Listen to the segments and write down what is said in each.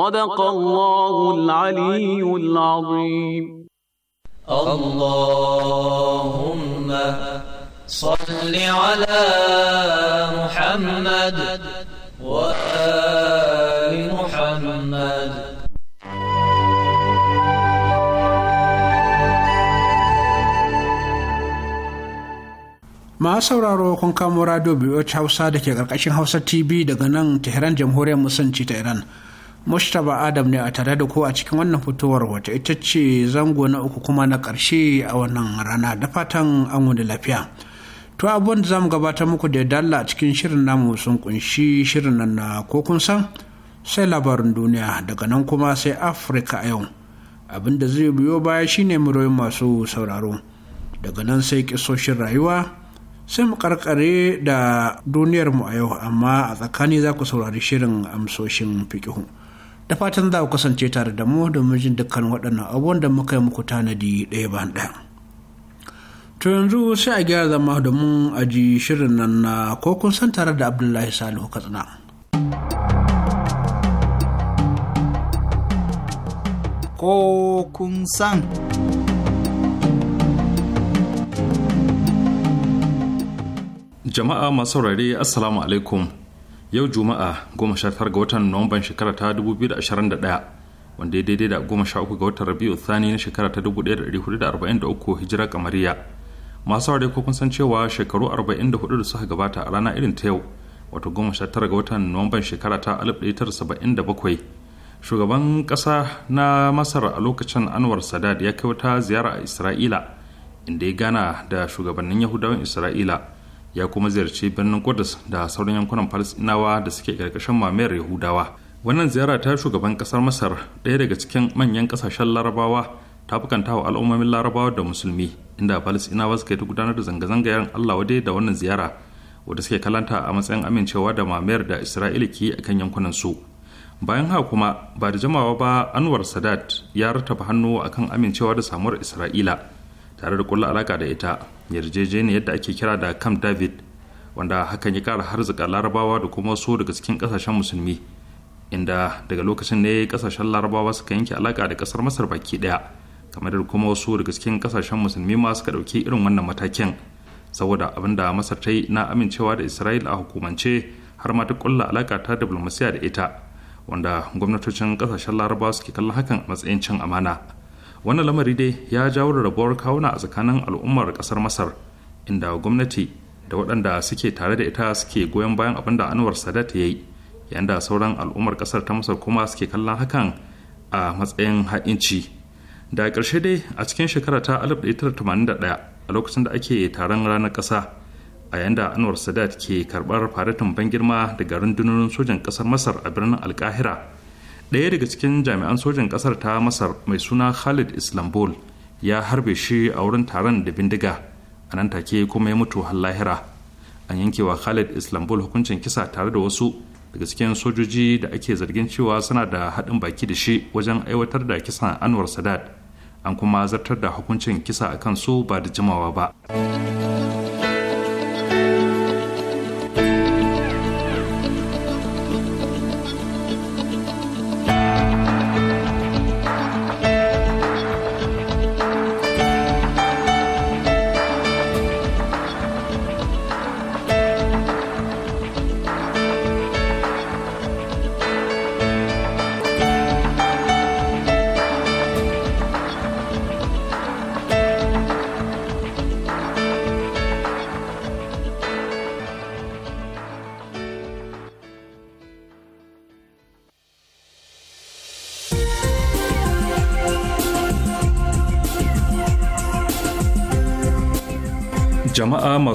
صدق الله العلي العظيم اللهم صل على محمد وآل محمد masu sauraro kun kamo radio BOH Hausa da ke karkashin Hausa TV daga nan Tehran Jamhuriyar musanci ta Iran. Mustapha Adam ne a tare da ku a cikin wannan fitowar wata ita ce zango na uku kuma na ƙarshe a wannan rana da fatan an wani lafiya. To abin da zamu gabatar muku da dalla a cikin shirin namu sun kunshi shirin nan na ko kun san sai labarin duniya daga nan kuma sai Afirka a yau. Abin da zai biyo baya shine muryoyin masu sauraro. Daga nan sai kisoshin rayuwa sai mu karkare da duniyarmu a yau amma a tsakani za ku saurari shirin amsoshin fikihu. da fatan za ku kasance tare da mu domin jin dukkan waɗannan abubuwan da muka yi muku tanadi ɗaya bayan ɗaya to yanzu sai a gyara zama domin a ji shirin nan na ko kun san tare da abdullahi salihu katsina ko kun san jama'a masu saurare assalamu alaikum yau juma'a 19 ga watan nuwamban shekara ta 2021 wanda ya daidai da 13 ga watan rabiu thani na shekara ta 1443 hijira kamariya masu ware ko kun san cewa shekaru 44 da suka gabata a rana irin ta yau wato 19 ga watan nuwamban shekara ta 1977 shugaban kasa na masar a lokacin anwar sadad ya kai wata ziyara a isra'ila inda ya gana da shugabannin yahudawan isra'ila ya kuma ziyarci birnin Kudus da sauran yankunan Falasɗinawa da suke ƙarƙashin mamayar Yahudawa. Wannan ziyara ta shugaban kasar Masar ɗaya daga cikin manyan ƙasashen Larabawa ta bukanta wa al'ummomin Larabawa da Musulmi inda Falasɗinawa suka yi ta gudanar da zanga-zanga yaran Allah wadai da wannan ziyara wadda suke kalanta a matsayin amincewa da mamayar da Isra'ila ke kan yankunan su. Bayan haka kuma ba da jamawa ba Anwar Sadat ya rattaba hannu akan amincewa da samuwar Isra'ila tare da kulla alaka da ita yarjejeniyar yadda ake kira da camp david wanda hakan ya kara harzuka larabawa da kuma wasu daga cikin kasashen musulmi inda daga lokacin ne kasashen larabawa suka yanke alaka da kasar masar baki daya kamar da kuma wasu daga cikin kasashen musulmi ma suka dauki irin wannan matakin saboda abin da masar ta yi na amincewa da isra'ila a hukumance har ma ta kulla alaka ta diplomasiya da ita wanda gwamnatocin kasashen larabawa suke kallon hakan a matsayin cin amana wannan lamari dai ya jawo rabuwar kawuna a tsakanin al'ummar kasar masar inda gwamnati da waɗanda suke tare da ita suke goyon bayan abin da anwar sadat ya yi yayin da sauran al'ummar kasar ta masar kuma suke kallon hakan a matsayin ha'inci da ƙarshe dai a cikin shekara ta 1981 a lokacin da ake taron ranar ƙasa a yayin da anwar sadat ke karɓar faratin ban girma daga rundunonin sojan ƙasar masar a birnin alkahira ɗaya daga cikin jami'an sojin ƙasar ta masar mai suna khalid islambol ya harbe shi a wurin taron da bindiga a nan take kuma ya mutu har lahira an yankewa khalid islambol hukuncin kisa tare da wasu daga cikin sojoji da ake zargin cewa suna da haɗin baki da shi wajen aiwatar da kisan anwar sadat an kuma zartar da hukuncin kisa a su ba da jimawa ba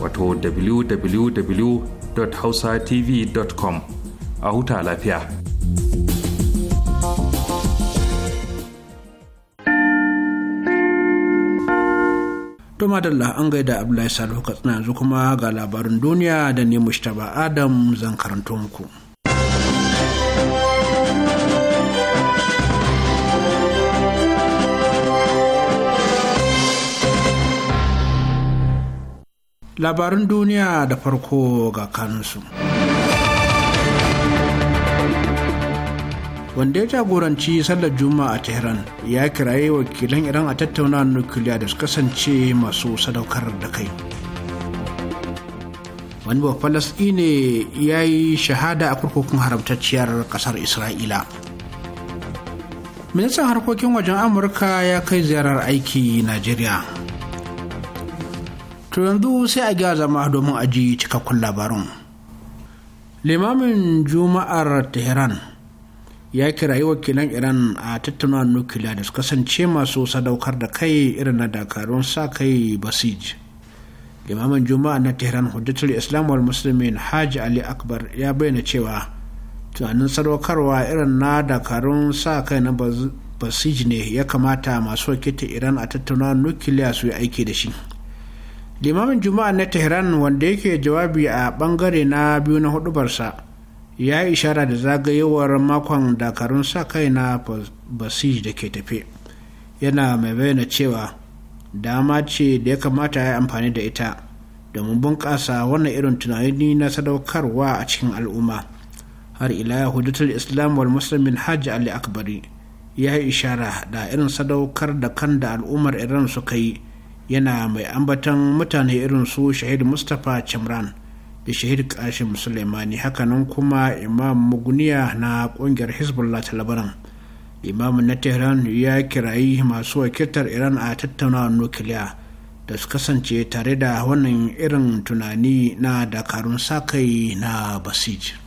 wato www.hausatv.com a huta lafiya. To madalla an gaida Abdullahi Salihu Katsina yanzu kuma ga labarin duniya da ne Mustapha Adam zan karanto muku. labarin duniya da farko ga kanunsu. wanda ya jagoranci sallar juma'a a tehran ya kiraye wakilan iran a tattauna nukiliya da su kasance masu sadaukar da kai wani Falasɗi ne ya yi shahada a kurkukun haramtacciyar ƙasar isra'ila ministan harkokin wajen amurka ya kai ziyarar aiki najeriya to yanzu sai a gyara zama domin a ji cikakkun labarin limamin juma'ar tehran ya kirayi wakilan iran a tattaunawar nukiliya da su kasance masu sadaukar da kai irin na dakarun sa kai basij limamin juma'a na tehran hujjatul islam wal muslimin haji ali akbar ya bayyana cewa tunanin sadaukarwa irin na dakarun sa kai na basij ne ya kamata masu wakilta iran a tattaunawar nukiliya su yi aiki da shi limamin juma'a na tehran wanda yake jawabi a bangare na biyu na hudubarsa ya yi ishara da zagayewar makon dakarun sa kai na basij da ke tafe yana mai bayyana cewa dama ce da ya kamata ya amfani da ita domin bunƙasa wannan irin tunani na sadaukarwa a cikin al'umma har ila hujjatar islam wal Musulmin hajji ali akbari ya yi ishara da irin sadaukar da kan da al'ummar iran suka yi yana mai ambatan mutane irin su shahid mustapha chamran da shahid kashim suleimani hakanan kuma imam muguniya na kungiyar hezbollah ta labaran imamin na tehran ya kirayi masu wakiltar iran a tattaunawar nukiliya da su kasance tare da wannan irin tunani na dakarun sakai na basij.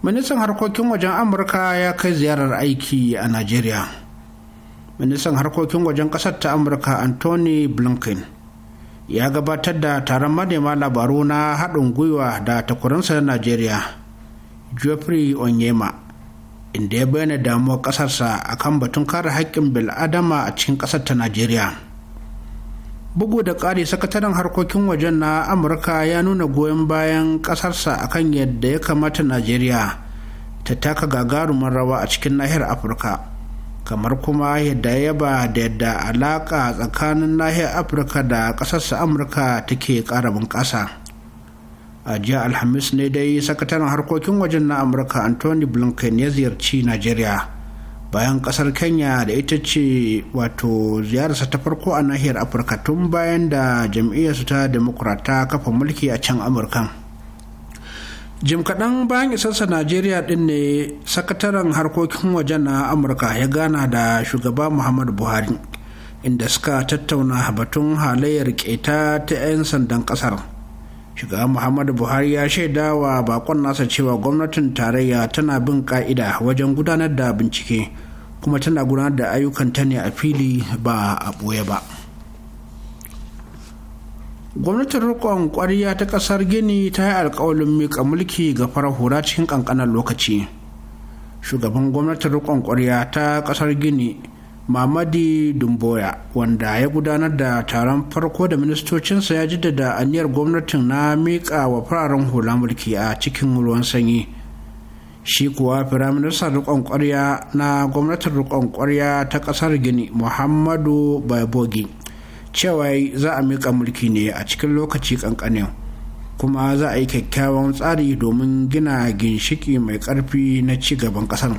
ministan harkokin wajen amurka ya kai ziyarar aiki a najeriya ministan harkokin wajen ƙasar ta amurka anthony blinken ya gabatar da taron manema labaru na haɗin gwiwa da takwarinsa na najeriya geoffrey onyema inda ya bayyana damuwar ƙasarsa kan batun kare haƙƙin bil'adama a cikin ƙasar ta najeriya bugu da ƙari sakataren harkokin wajen na amurka ya nuna goyon bayan ƙasarsa a kan yadda ya kamata najeriya ta taka gagarumin rawa a cikin nahiyar afirka kamar kuma yadda yaba da yadda alaka tsakanin nahiyar afirka da ƙasarsa amurka take ƙara bunƙasa a jiya alhamis ne dai sakataren harkokin wajen na amurka anthony blinken ya ziyarci nigeria bayan ƙasar kenya da ita ce wato ziyararsa ta farko a nahiyar afirka tun bayan da jam'iyyarsu ta demokrata kafa mulki a can amurkan jim kaɗan bayan isarsa najeriya ɗin ne sakataren harkokin waje na amurka ya gana da shugaba muhammadu buhari inda suka tattauna batun halayyar keta ta 'yan sandan ƙasar shugaba muhammadu buhari ya shaida wa bakon nasa cewa gwamnatin tarayya tana bin ka'ida wajen gudanar da bincike kuma tana gudanar da ayyukan ta ne a fili ba a ɓoye ba. gwamnatin rikon ƙwarya ta kasar gini ta yi alkawalin mika mulki ga farar hura cikin kankanan lokaci shugaban gwamnatin rikon kwarya ta kasar gini mamadi dumboya wanda ya gudanar da taron farko da ministocinsa ya jaddada aniyar gwamnatin na mika wa fararen hula mulki a cikin ruwan sanyi shi kuwa firaministan rikon kwarya na gwamnatin rikon ƙwarya ta kasar gini muhammadu baibogi cewa za a miƙa mulki ne a cikin lokaci kankanin kuma za a yi kyakkyawan tsari domin gina ginshiki mai ƙarfi na ci gaban ƙasar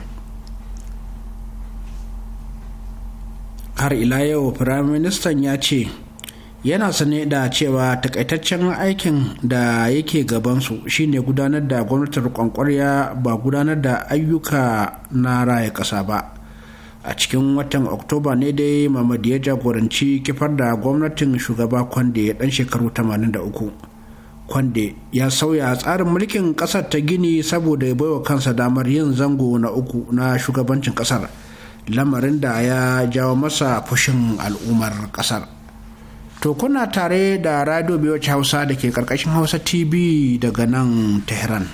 har ila yau firaministan ya ce yana sane da cewa takaitaccen aikin da yake gabansu shine gudanar da gwamnatar kwankwariya ba gudanar da ayyuka na raya ƙasa ba a cikin watan oktoba ne dai mamadi ya jagoranci kifar da gwamnatin shugaba kwande ya dan shekaru 83 kwande ya sauya tsarin mulkin kasar ta gini saboda ya baiwa kansa damar yin zango na uku na shugabancin kasar lamarin da ya jawo masa fushin al'ummar kasar to kuna tare da radio biyu hausa da ke karkashin hausa tv daga nan tehran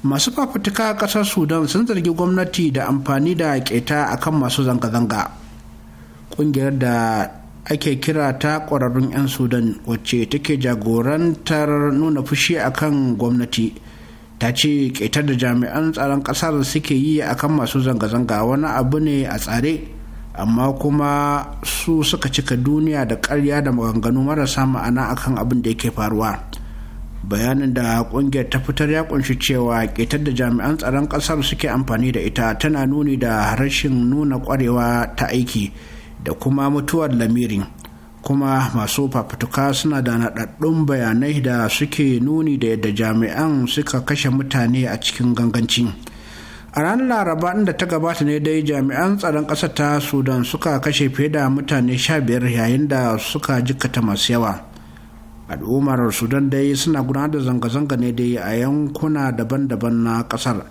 masu fafutuka a ƙasar sudan sun zargi gwamnati da amfani da keta akan masu zanga-zanga ƙungiyar da ake kira ta ƙwararrun 'yan sudan wacce take jagorantar nuna fushi akan gwamnati ta ce ƙetar da jami'an tsaron ƙasar suke yi akan masu zanga-zanga wani abu ne a tsare amma kuma su suka cika duniya da ƙarya da maganganu marasa ma'ana akan abin da yake faruwa bayanin da kungiyar ta fitar ya kunshi cewa ketar da jami'an tsaron ƙasar suke amfani da ita tana nuni da rashin nuna kwarewa ta aiki da kuma mutuwar lamirin kuma masu fafutuka suna da naɗaɗɗun bayanai da suke nuni da yadda jami'an suka kashe mutane a cikin ganganci a ranar laraba inda ta gabata ne dai jami'an tsaron ƙasar ta sudan suka kashe fiye da mutane sha biyar yayin da suka jikkata masu yawa al'ummar sudan dai suna gudanar da zanga-zanga ne dai a yankuna daban-daban na kasar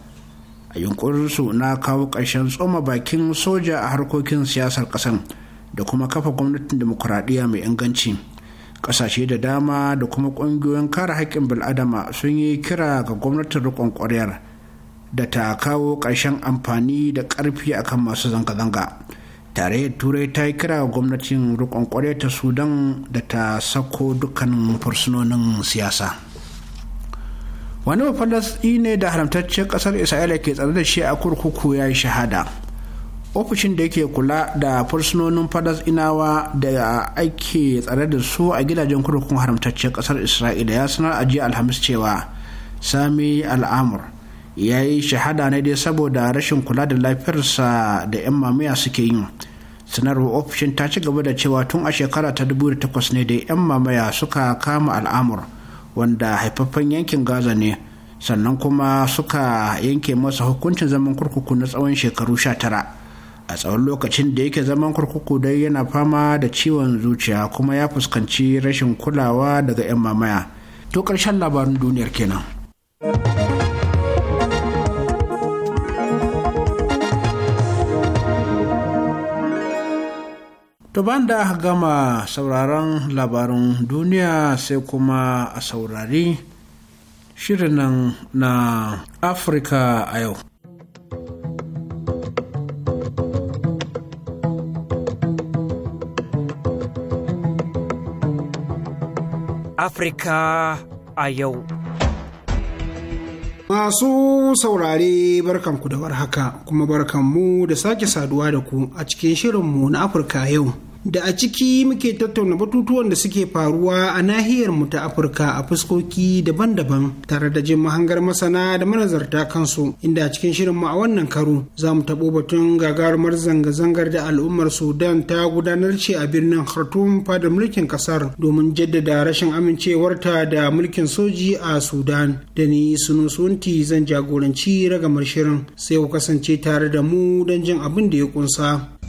a yunkurinsu na kawo ƙarshen tsoma bakin soja a harkokin siyasar ƙasar da kuma kafa gwamnatin demokuraɗiyya mai inganci ƙasashe da dama da kuma ƙungiyoyin kare haƙƙin bil'adama sun yi kira ga gwamnatin riƙon ƙwaryar da ta kawo ƙarshen amfani da ƙarfi akan masu zanga-zanga tarayyar turai ta yi kira gwamnatin rikon kwarai ta sudan da ta sako dukkanin fursunonin siyasa wani mafalasi ne da haramtaccen kasar isra'ila ke tsare da shi a kurkuku ya yi shahada ofishin da yake kula da fursunonin inawa da ake tsare da su a gidajen kurkukun haramtaccen kasar isra'ila ya sanar a jiya alhamis cewa sami al'amur ya yi shahada ne dai saboda rashin kula da lafiyarsa da 'yan mamaya suke yin sanarwar ofishin ta ci gaba da cewa tun a shekara ta dubu 2008 ne da 'yan mamaya suka kama al'amur wanda haifaffen yankin gaza ne sannan kuma suka yanke masa hukuncin zaman kurkuku na tsawon shekaru sha tara a tsawon lokacin da yake zaman kurkuku dai yana fama da ciwon zuciya kuma ya fuskanci rashin kulawa daga 'yan mamaya to ƙarshen labarin duniyar kenan. To da gama sauraron labarin duniya sai kuma a saurari shirin nan na Afirka a yau. Afirka a yau. Masu saurare barkanku da warhaka kuma barkanmu da sake saduwa da ku a cikin shirinmu na Afirka yau. da a ciki muke tattauna batutuwan da suke faruwa a nahiyar mu ta Afirka a fuskoki daban-daban tare da jin mahangar masana da manazarta kansu inda a cikin shirin mu a wannan karo za mu tabo batun gagarumar zanga-zangar da al'ummar Sudan ta gudanar ce a birnin Khartoum fadar mulkin kasar domin jaddada rashin amincewarta da mulkin soji a Sudan da ni Sunu Sunti zan jagoranci ragamar shirin sai ku kasance tare da mu don jin abin da ya kunsa.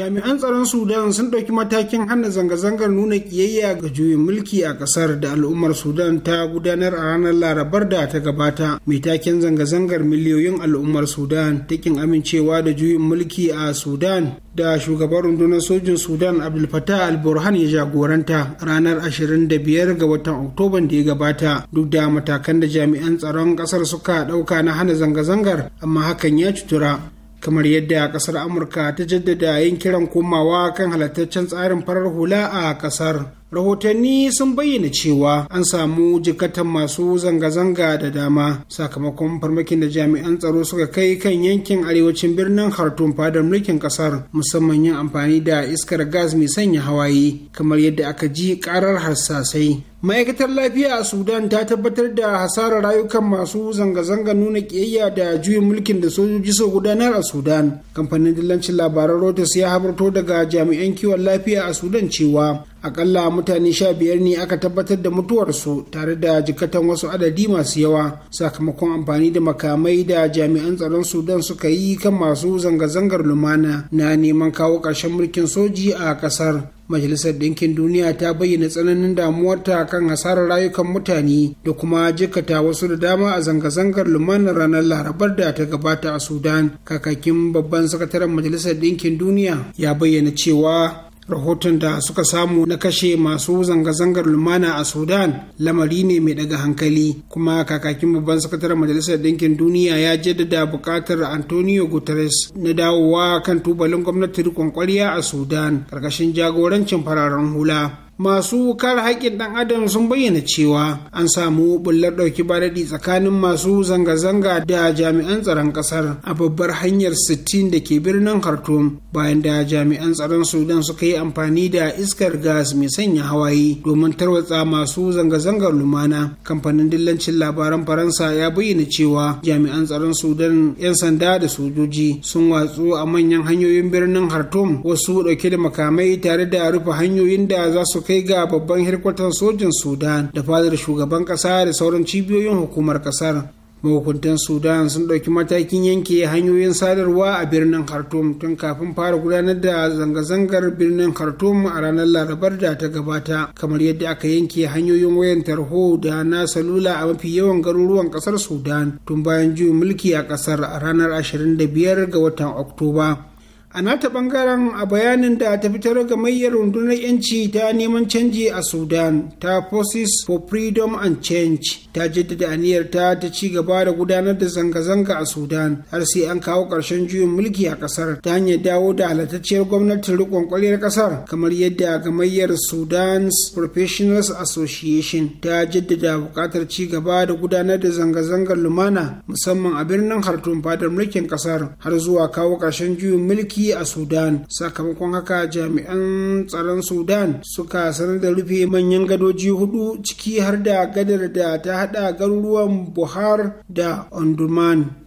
jami'an tsaron sudan sun ɗauki matakin hana zanga-zangar nuna ƙiyayya ga juyin mulki a ƙasar da al'ummar sudan ta gudanar a ranar larabar da ta gabata mai taken zanga-zangar miliyoyin al'ummar sudan ta kin amincewa da juyin mulki a sudan da shugaban rundunar sojin sudan abdul fatah al-burhan ya jagoranta ranar 25 ga watan oktoban da ya gabata duk da matakan da jami'an tsaron kasar suka dauka na hana zanga-zangar amma hakan ya cutura kamar yadda kasar amurka ta jaddada yin kiran komawa kan halittaccen tsarin farar hula a kasar rahotanni sun bayyana cewa an samu jikatan masu zanga-zanga da dama sakamakon farmakin da jami'an tsaro suka kai kan yankin arewacin birnin khartoum fadar mulkin kasar musamman yin amfani da iskar gas mai sanya hawaye kamar yadda aka ji karar harsasai ma'aikatar lafiya a sudan ta tabbatar da hasarar rayukan masu zanga-zanga nuna kiyayya da juyin mulkin da sojoji su gudanar a sudan kamfanin dillancin labaran reuters ya habarto daga jami'an kiwon lafiya a sudan cewa akalla mutane sha biyar ne aka tabbatar da mutuwarsu tare da jikatan wasu adadi masu yawa sakamakon amfani da makamai da jami'an tsaron sudan suka yi kan masu zanga-zangar lumana na neman kawo ƙarshen mulkin soji a ƙasar majalisar ɗinkin duniya ta bayyana tsananin damuwarta kan hasarar rayukan mutane da kuma jikata wasu da dama a zanga-zangar lumanar ranar larabar da ta gabata a sudan kakakin babban sakataren majalisar ɗinkin duniya ya bayyana cewa rahoton da suka samu na kashe masu zanga-zangar lumana a sudan lamari ne mai daga hankali kuma kakakin babban sakataren majalisar ɗinkin duniya ya jaddada buƙatar antonio guterres na dawowa kan tubalin gwamnati riƙon ƙwarya a sudan ƙarƙashin jagorancin fararen hula masu wukar haƙƙin ɗan adam sun bayyana cewa an samu bullar ɗauki baradi tsakanin masu zanga-zanga da jami'an tsaron ƙasar a babbar hanyar sittin da ke birnin khartoum bayan da jami'an tsaron sudan suka yi amfani da iskar gas mai sanya hawaye domin tarwatsa masu zanga-zangar lumana kamfanin dillancin labaran faransa ya bayyana cewa jami'an tsaron sudan 'yan sanda da sojoji sun watsu a manyan hanyoyin birnin khartoum wasu ɗauke da makamai tare da rufe hanyoyin da za su kai ga babban hirkwatar sojan sudan da fadar shugaban ƙasa da sauran cibiyoyin hukumar ƙasar mahukuntan sudan sun ɗauki matakin yanke hanyoyin sadarwa a birnin khartoum tun kafin fara gudanar da zanga-zangar birnin khartoum a ranar larabar da ta gabata kamar yadda aka yanke hanyoyin wayan tarho da na salula a mafi yawan garuruwan ƙasar sudan tun bayan juyin mulki a ƙasar a ranar 25 ga watan oktoba a nata bangaren a bayanin da ta fitar gamayyar rundunar yanci ta neman canji a sudan ta forces for freedom and change ta jaddada aniyar ta ta ci gaba da gudanar da zanga-zanga a sudan har sai an kawo ƙarshen juyin mulki a ƙasar ta hanyar dawo da halattacciyar gwamnatin riƙon ƙwaryar ƙasar kamar yadda gamayyar sudan's professionals association ta jaddada buƙatar ci gaba da gudanar da zanga-zangar lumana musamman a birnin hartun fadar mulkin ƙasar har zuwa kawo ƙarshen juyin mulki ciki a sudan sakamakon haka jami'an tsaron sudan suka sanar da rufe manyan gadoji hudu ciki har da gadar da ta hada garuruwan buhar da onduman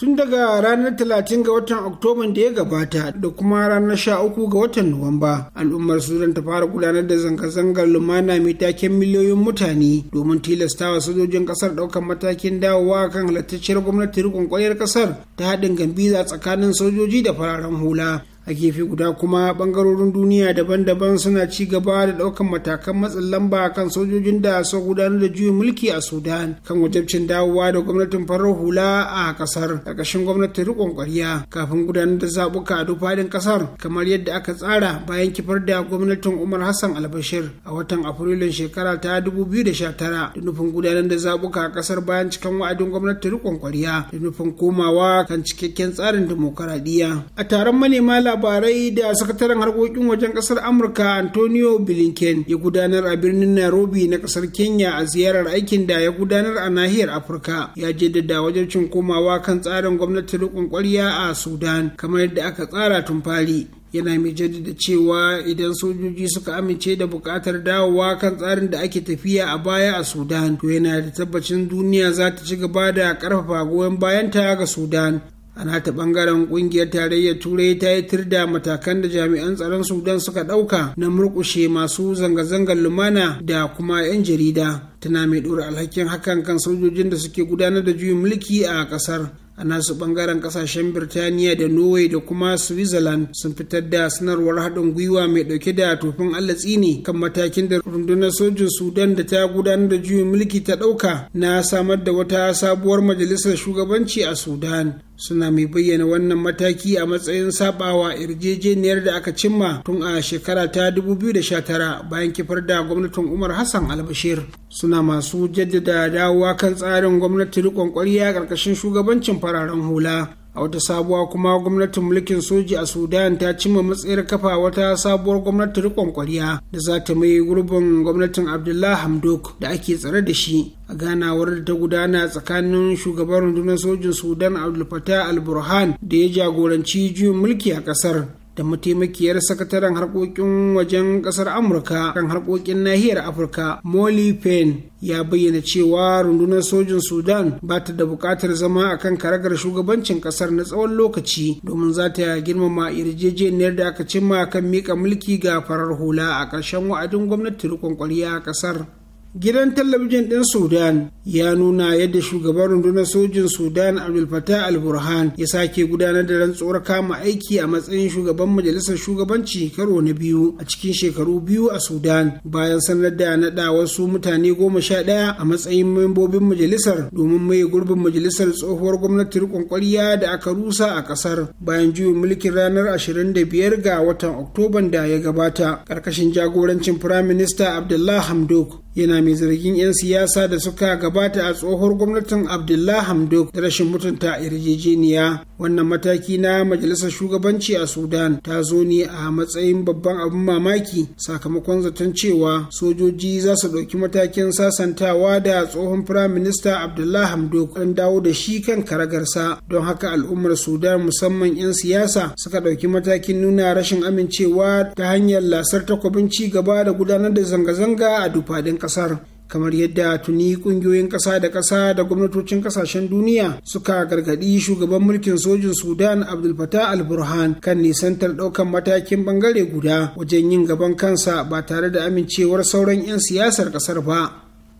tun daga ranar 30 ga watan oktoban da ya gabata da kuma ranar 13 ga watan nuwamba al'ummar sudan ta fara gudanar da zanga-zangar lumana mai taken miliyoyin mutane domin tilastawa sojojin kasar daukan matakin dawowa kan halattacciyar gwamnati rikon kwayar kasar ta haɗin gambiza tsakanin sojoji da fararen hula a gefe guda kuma bangarorin duniya daban-daban suna ci gaba da daukan matakan matsin lamba kan sojojin da su gudanar da juyin mulki a sudan kan wajabcin dawowa da gwamnatin farar hula a kasar ƙarƙashin gwamnatin riƙon ƙwarya kafin gudanar da zaɓuka a duk faɗin ƙasar kamar yadda aka tsara bayan kifar da gwamnatin umar hassan albashir a watan afrilun shekara ta 2019 da nufin gudanar da zaɓuka a ƙasar bayan cikan wa'adin gwamnatin riƙon ƙwarya da nufin komawa kan cikakken tsarin dimokuraɗiyya a taron manema labarai labarai da sakataren harkokin wajen kasar amurka antonio blinken ya gudanar a birnin nairobi na kasar kenya a ziyarar aikin da ya gudanar a nahiyar afirka ya jaddada wajen cin komawa kan tsarin gwamnatin rikon kwarya a sudan kamar yadda aka tsara tun fali yana mai jaddada cewa idan sojoji suka amince da bukatar dawowa kan tsarin da ake tafiya a baya a sudan to yana da tabbacin duniya za ta ci gaba da karfafa goyon bayanta ga sudan Ana ta bangaren kungiyar tarayyar turai ta yi tirda matakan da jami'an tsaron sudan suka ɗauka na murkushe masu zanga-zangar lumana da kuma 'yan jarida tana mai ɗora alhakin hakan kan sojojin da suke gudanar da juyin mulki a ƙasar a nasu bangaren kasashen birtaniya da norway da kuma switzerland sun fitar da sanarwar haɗin gwiwa mai ɗauke da tofin allatsi ne kan matakin da rundunar sojin sudan da ta gudanar da juyin mulki ta ɗauka na samar da wata sabuwar majalisar shugabanci a sudan suna mai bayyana wannan mataki a matsayin sabawa yarjejeniyar da aka cimma tun a shekara ta 2019 bayan kifar da gwamnatin umar hassan albashir suna masu jaddada dawowa kan tsarin gwamnati rikon ƙwarya ƙarƙashin shugabancin fararen hula a wata sabuwa kuma gwamnatin mulkin soji a sudan ta cimma matsayar kafa wata sabuwar gwamnatin rikon kwariya da za ta mai gurbin gwamnatin abdullah hamdok da ake tsare da shi a ganawar da ta gudana tsakanin shugaban rundunar sojin sudan abdulfatah al-burhan da ya jagoranci juyin mulki a ƙasar. da mataimakiyar sakataren harkokin wajen kasar amurka kan harkokin nahiyar afirka molly payne ya bayyana cewa rundunar sojin sudan ba ta da buƙatar zama a kan karagar shugabancin ƙasar na tsawon lokaci domin za ta girmama yarjejeniyar da aka cimma kan miƙa mulki ga farar hula a ƙarshen wa'adin gwamnati rikon ƙwarya a ƙasar gidan talabijin ɗin sudan ya nuna yadda shugaban rundunar sojin sudan abdul al-burhan ya sake gudanar da rantsuwar kama aiki a matsayin shugaban majalisar shugabanci karo na biyu a cikin shekaru biyu a sudan bayan sanar da naɗa wasu mutane goma sha ɗaya a matsayin membobin majalisar domin mai gurbin majalisar tsohuwar gwamnati riƙon ƙwarya da aka rusa a ƙasar bayan juyin mulkin ranar ashirin da biyar ga watan oktoban da ya gabata ƙarƙashin jagorancin firaminista abdullah hamdok yana mai zargin 'yan siyasa da suka gabata a tsohuwar gwamnatin abdullah hamdok da rashin mutunta yarjejeniya wannan mataki na majalisar shugabanci a sudan ta zo ne a matsayin babban abin mamaki sakamakon zaton cewa sojoji za su ɗauki matakin sasantawa da tsohon firaminista abdullah hamdok an dawo da shi kan karagarsa don haka al'ummar sudan musamman 'yan siyasa suka ɗauki matakin nuna rashin amincewa ta hanyar lasar takwabin ci gaba da gudanar da zanga-zanga a dufadin ƙasar kamar yadda tuni kungiyoyin ƙasa da ƙasa da gwamnatocin ƙasashen duniya suka gargaɗi shugaban mulkin sojin sudan abdul fatah al burhan kan nisantar ɗaukan matakin ɓangare guda wajen yin gaban kansa ba tare da amincewar sauran 'yan siyasar ƙasar ba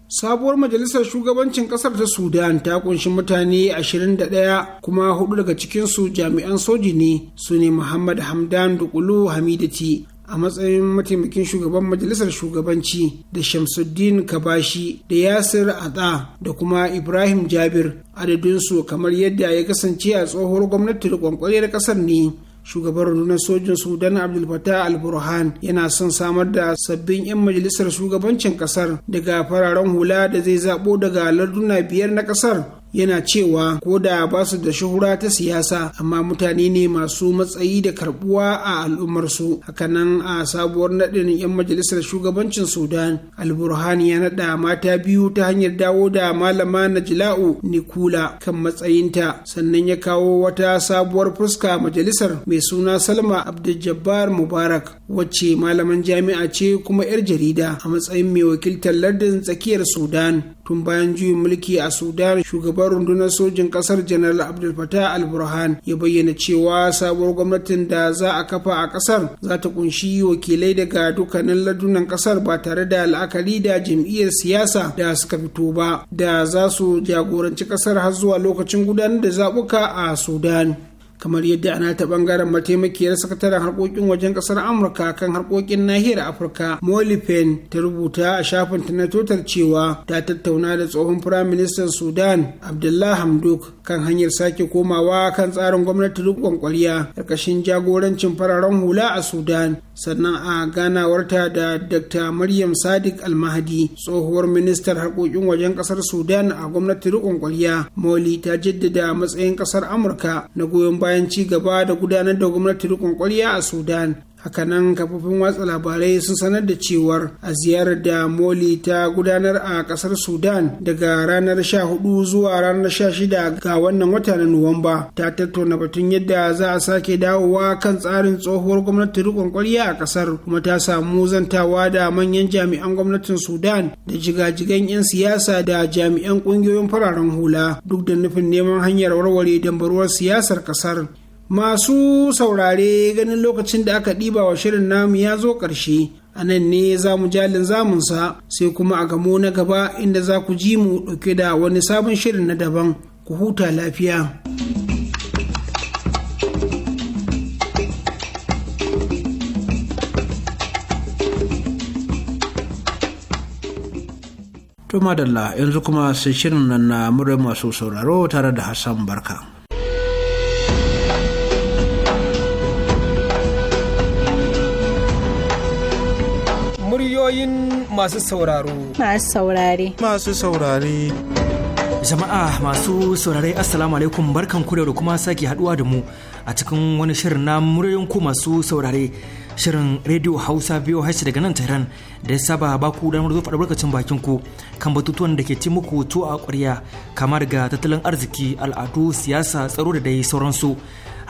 sabuwar majalisar shugabancin kasar ta sudan ta kunshi mutane 21 kuma hudu daga cikinsu jami'an soji ne su ne muhammad hamdan dukulu hamidati a matsayin mataimakin shugaban majalisar shugabanci da shamsuddin kabashi da yasir atsa da kuma ibrahim jabir adadinsu kamar yadda ya kasance a tsohuwar gwamnati da kwankwariyar kasar ne shugaban rundunar sojin sudan abdulfatah al-burhan yana son samar da sabbin 'yan majalisar shugabancin kasar daga fararen hula da zai zabo daga larduna biyar na kasar yana cewa ko da ba su da shuhura ta siyasa amma mutane ne masu matsayi da karbuwa a al'ummarsu hakanan a sabuwar naɗin 'yan majalisar shugabancin sudan alburhani ya naɗa mata biyu ta hanyar dawo da malama najila'u nikula kan matsayinta sannan ya kawo wata sabuwar fuska majalisar mai suna salma abdul mubarak wacce malaman jami'a ce kuma 'yar jarida a matsayin mai wakiltar lardin tsakiyar sudan tun bayan juyin mulki a sudan shugaban shugaban rundunar sojin kasar janar abdul fatah al burhan ya bayyana cewa sabuwar gwamnatin da za a kafa a kasar za ta kunshi wakilai daga dukkanin ladunan kasar ba tare da la'akari da jam'iyyar siyasa da suka fito ba da za su jagoranci kasar har zuwa lokacin gudanar da zabuka a sudan kamar yadda ana ta bangaren mataimakiyar sakataren harkokin wajen kasar amurka kan harkokin nahiyar afirka molly penn ta rubuta a shafin ta na totar cewa ta tattauna da tsohon firaministan sudan abdullah hamdok kan hanyar sake komawa kan tsarin gwamnati duk kwarya karkashin jagorancin fararen hula a sudan sannan a ganawarta da dr maryam sadiq almahadi tsohuwar ministar harkokin wajen kasar sudan a gwamnati duk kwarya molly ta jaddada matsayin kasar amurka na goyon baya. bayan ci gaba da gudanar da gwamnati rikon kwarya a sudan hakanan kafofin watsa labarai sun sanar da cewar a ziyarar da moli ta gudanar a kasar sudan daga ranar 14 zuwa ranar 16 ga wannan wata na nuwamba ta tattauna batun yadda za a sake dawowa kan tsarin tsohuwar gwamnatin rikon kwarya a kasar kuma ta samu zantawa da manyan jami'an gwamnatin sudan da jigajigan 'yan siyasa da jami'an kungiyoyin fararen hula duk da nufin neman hanyar warware dambaruwar siyasar kasar masu saurare ganin lokacin da aka ɗiba wa shirin namu ya zo ƙarshe a nan ne za mu jalin zamunsa sai kuma a gamo na gaba inda za ku ji mu ɗauke da wani sabon shirin na daban ku huta lafiya. To madalla yanzu kuma sai shirin nan na murai masu sauraro tare da Hassan Barka. ra'ayoyin masu sauraro. Masu saurare. Masu saurare. Jama'a masu saurare Assalamu alaikum barkan ku da kuma sake haduwa da mu a cikin wani shirin na muryoyin ku masu saurare. Shirin rediyo Hausa biyu hashi daga nan Tehran da ya saba ba ku damar zo faɗa barkacin bakin ku kan batutuwan da ke ci muku tuwa a ƙwarya kamar ga tattalin arziki, al'adu, siyasa, tsaro da dai sauransu.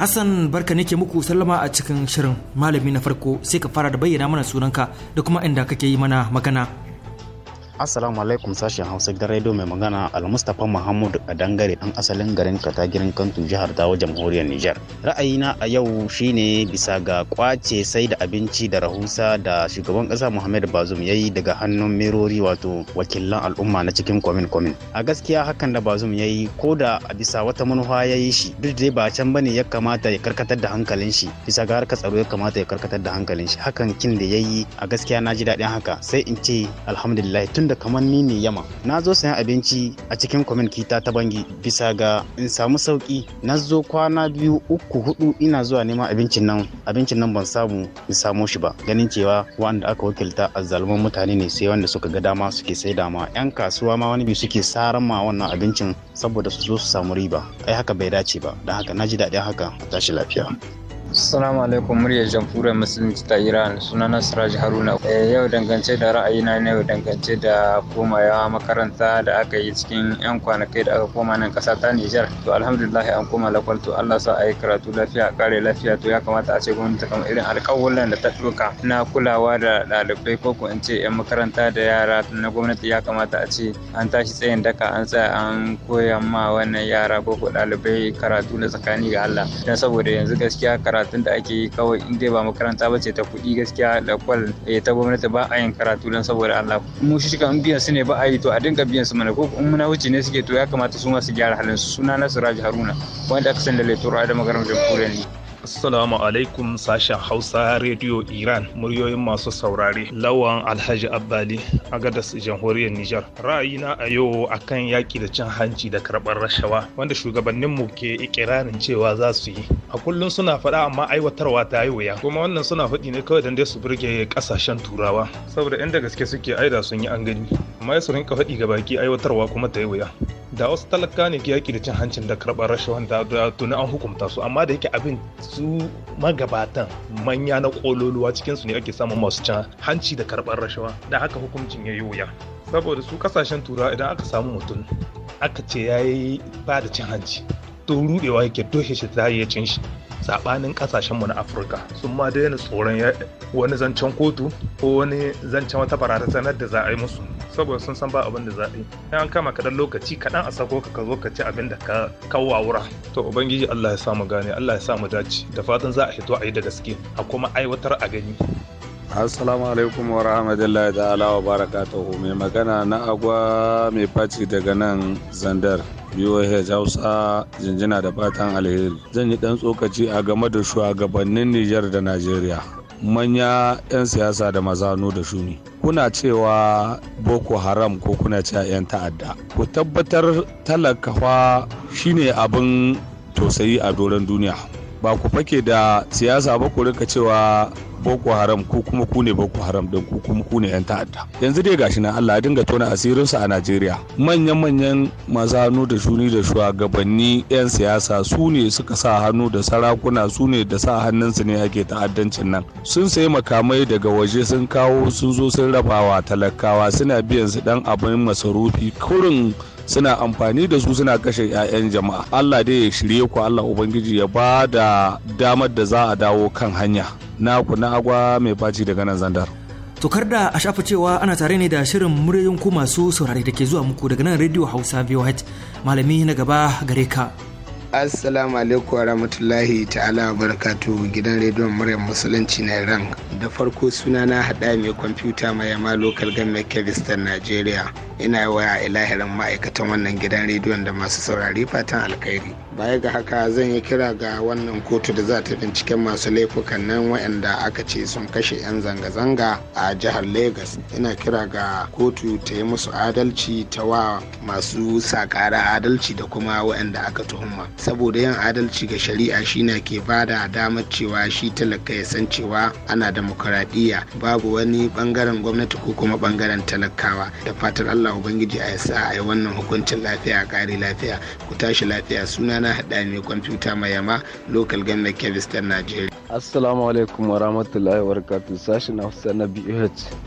Hassan barka ne ke muku sallama a cikin shirin malami na farko sai ka fara da bayyana mana sunanka da kuma inda kake yi mana magana. Assalamu alaikum sashen Hausa da rediyo mai magana al Mustafa Muhammad dangare dan asalin garin Katagirin Kantu jihar Dawo jamhuriyar Nijar. Ra'ayina a yau shine bisa ga kwace sai da abinci da rahusa da shugaban kasa Muhammad Bazum yayi daga hannun merori wato wakilan al'umma na cikin komin komin. A gaskiya hakan da Bazum yayi ko da a bisa wata manufa yayi shi duk dai ba can bane ya kamata ya karkatar da hankalin shi bisa ga harkar tsaro ya kamata ya karkatar da hankalin shi hakan kin da yayi a gaskiya na ji daɗin haka sai in ce alhamdulillah tun da kamar ni ne yama na zo sayan abinci a cikin kwamin kita ta bangi bisa ga in samu sauki na zo kwana biyu uku hudu ina zuwa neman abincin nan abincin nan ban samu in samo shi ba ganin cewa wanda aka wakilta a azzaluman mutane ne sai wanda suka ga dama suke sai dama yan kasuwa ma wani biyu suke saran ma wannan abincin saboda su zo su samu riba ai haka bai dace ba don haka na ji daɗin haka tashi lafiya Assalamu alaikum muryar jamhuriyar musulunci ta Iran suna Siraj Haruna. Eh, yau dangance da ra'ayina na yau dangance da komawa makaranta da aka yi cikin 'yan kwanakai da aka koma nan kasa ta Nijar. To alhamdulillah an koma lakwal to Allah sa a yi karatu lafiya a kare lafiya to ya kamata a ce gwamnati kamar irin alƙawullan da ta ɗauka na kulawa da ɗalibai ko ko in ce 'yan makaranta da yara na gwamnati ya kamata a ce an tashi tsayin daka an tsaya an koya ma wannan yara ko ko ɗalibai karatu na tsakani ga Allah. Dan saboda yanzu gaskiya karatu karatun da ake yi kawai in dai ba makaranta ba ce ta kuɗi gaskiya da kwal eh, ta gwamnati ba a yin karatu don saboda Allah mu shi kan biyan su ne ba a yi to a dinga biyan su mana ko in muna wuce ne suke to ya kamata su ma su gyara halin su suna na Siraj Haruna wanda aka san da Letoro Adamu Garam Jamhuriyar Assalamu alaikum sashen Hausa Radio Iran muryoyin masu saurare lawan Alhaji Abbali a gadas jamhuriyar Nijar. Ra'ayi na a yau akan yaƙi da cin hanci da karɓar rashawa wanda shugabannin mu ke ikirarin cewa za su yi. A kullum suna faɗa amma aiwatarwa ta yi wuya kuma wannan suna faɗi ne kawai don dai su burge ƙasashen turawa saboda inda gaske suke aida sun yi an gani amma su rinƙa faɗi ga baki aiwatarwa kuma ta yi wuya. da wasu talaka ne ke yaƙi da cin hancin da karɓar rashawa da tuni an hukumta su amma da yake abin su magabatan manya na ƙololuwa cikin su ne ake samun masu cin hanci da karɓar rashawa da haka hukumcin ya yi wuya saboda su kasashen turawa idan aka samu mutum aka ce ya yi ba da cin hanci to rudewa yake dohe shi ta yi cin shi sabanin ƙasashenmu na afirka sun ma daina tsoron wani zancen kotu ko wani zancen wata barata sanar da za a yi musu saboda sun san ba abin da zaɓi a an kama kaɗan lokaci kaɗan a sako ka zo ka ci abin da ka kawawura to ubangiji Allah ya sa mu gane Allah ya sa mu dace da fatan za a fito a yi da gaske a kuma aiwatar a gani Assalamu alaikum wa rahmatullahi ta'ala wa barakatuhu mai magana na agwa mai faci daga nan zandar BOH Hausa jinjina da fatan alheri zan yi dan tsokaci a game da shugabannin Nijar da Najeriya manya 'yan siyasa da mazanu da shuni kuna cewa boko haram ko kuna cewa 'yan ta'adda ku tabbatar talakawa shine abin tausayi a doron duniya ba ku fake da siyasa ba ku rika cewa boko haram ko kuma ku ne boko haram din ku kuma ku ne yan ta'adda yanzu dai gashi nan Allah ya dinga tona asirin su a Najeriya manyan manyan maza hannu da shuni da shugabanni yan siyasa su ne suka sa hannu da sarakuna su ne da sa hannunsu ne ake ta'addancin nan sun sayi makamai daga waje sun kawo sun zo sun rabawa talakawa suna biyan su dan abin masarufi kurin suna amfani da su suna kashe 'ya'yan jama'a allah dai ya shirye ku allah ubangiji ya ba da damar da za a dawo kan hanya na ku na agwa mai baci daga nan zandar tokar da a shafa cewa ana tare ne da shirin muryoyin ku masu saurare da ke zuwa muku daga nan radio hausa voh malami na gaba gare ka Assalamu alaikum wa rahmatullahi ta'ala wa barakatu gidan rediyon muryar musulunci na Iran. Da farko sunana na haɗa mai kwamfuta mai yama lokal government Kevistan nigeria. ina a ilahirin ma'aikatan wannan gidan rediyon da masu saurari fatan alkhairi baya ga haka zan yi kira ga wannan kotu da za ta binciken masu laifukan nan waɗanda aka ce sun kashe 'yan zanga-zanga a jihar lagos ina kira ga kotu ta yi musu adalci ta wa masu sakara adalci da kuma waɗanda aka tuhuma saboda yin adalci ga shari'a shine ke ba da damar cewa shi talaka ya san cewa ana demokaradiyya babu wani bangaren gwamnati ko kuma bangaren talakawa da fatar allah allah ubangiji a yasa a yi wannan hukuncin lafiya a kare lafiya ku tashi lafiya suna na haɗa ne kwamfuta mai yama local government kevistan nigeria assalamu alaikum wa rahmatullahi wa sashi sashen Hussain na bih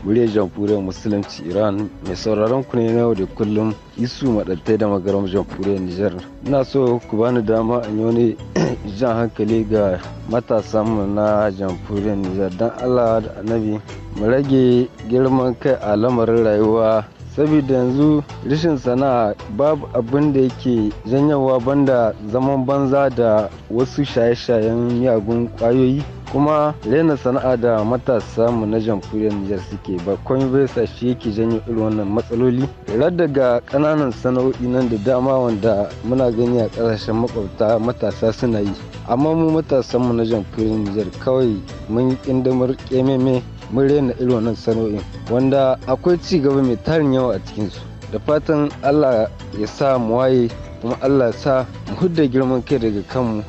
muryar jamhuriyar musulunci iran mai sauraron ku ne yau da kullum isu maɗattai da magaram jamhuriyar nijar ina so ku bani dama in yi wani jan hankali ga matasanmu na jamhuriyar nijar don allah da annabi mu rage girman kai a lamarin rayuwa saboda yanzu rashin sana'a babu abin da yake janyawa banda zaman banza da wasu shaye-shayen miyagun kwayoyi kuma rena sana'a da matasa mu na jamhuriyar niger suke ba komai bai sa shi yake janyo irin wannan matsaloli rar daga kananan sana'o'i nan da dama wanda muna gani a kasashen makwabta matasa suna yi amma mu matasan mu na jamhuriyar niger kawai mun yi kindamar kememe mun rena irin wannan sana'o'in wanda akwai ci gaba mai tarin yawa a cikinsu da fatan allah ya sa mu waye kuma allah ya sa mu hudda girman kai daga kanmu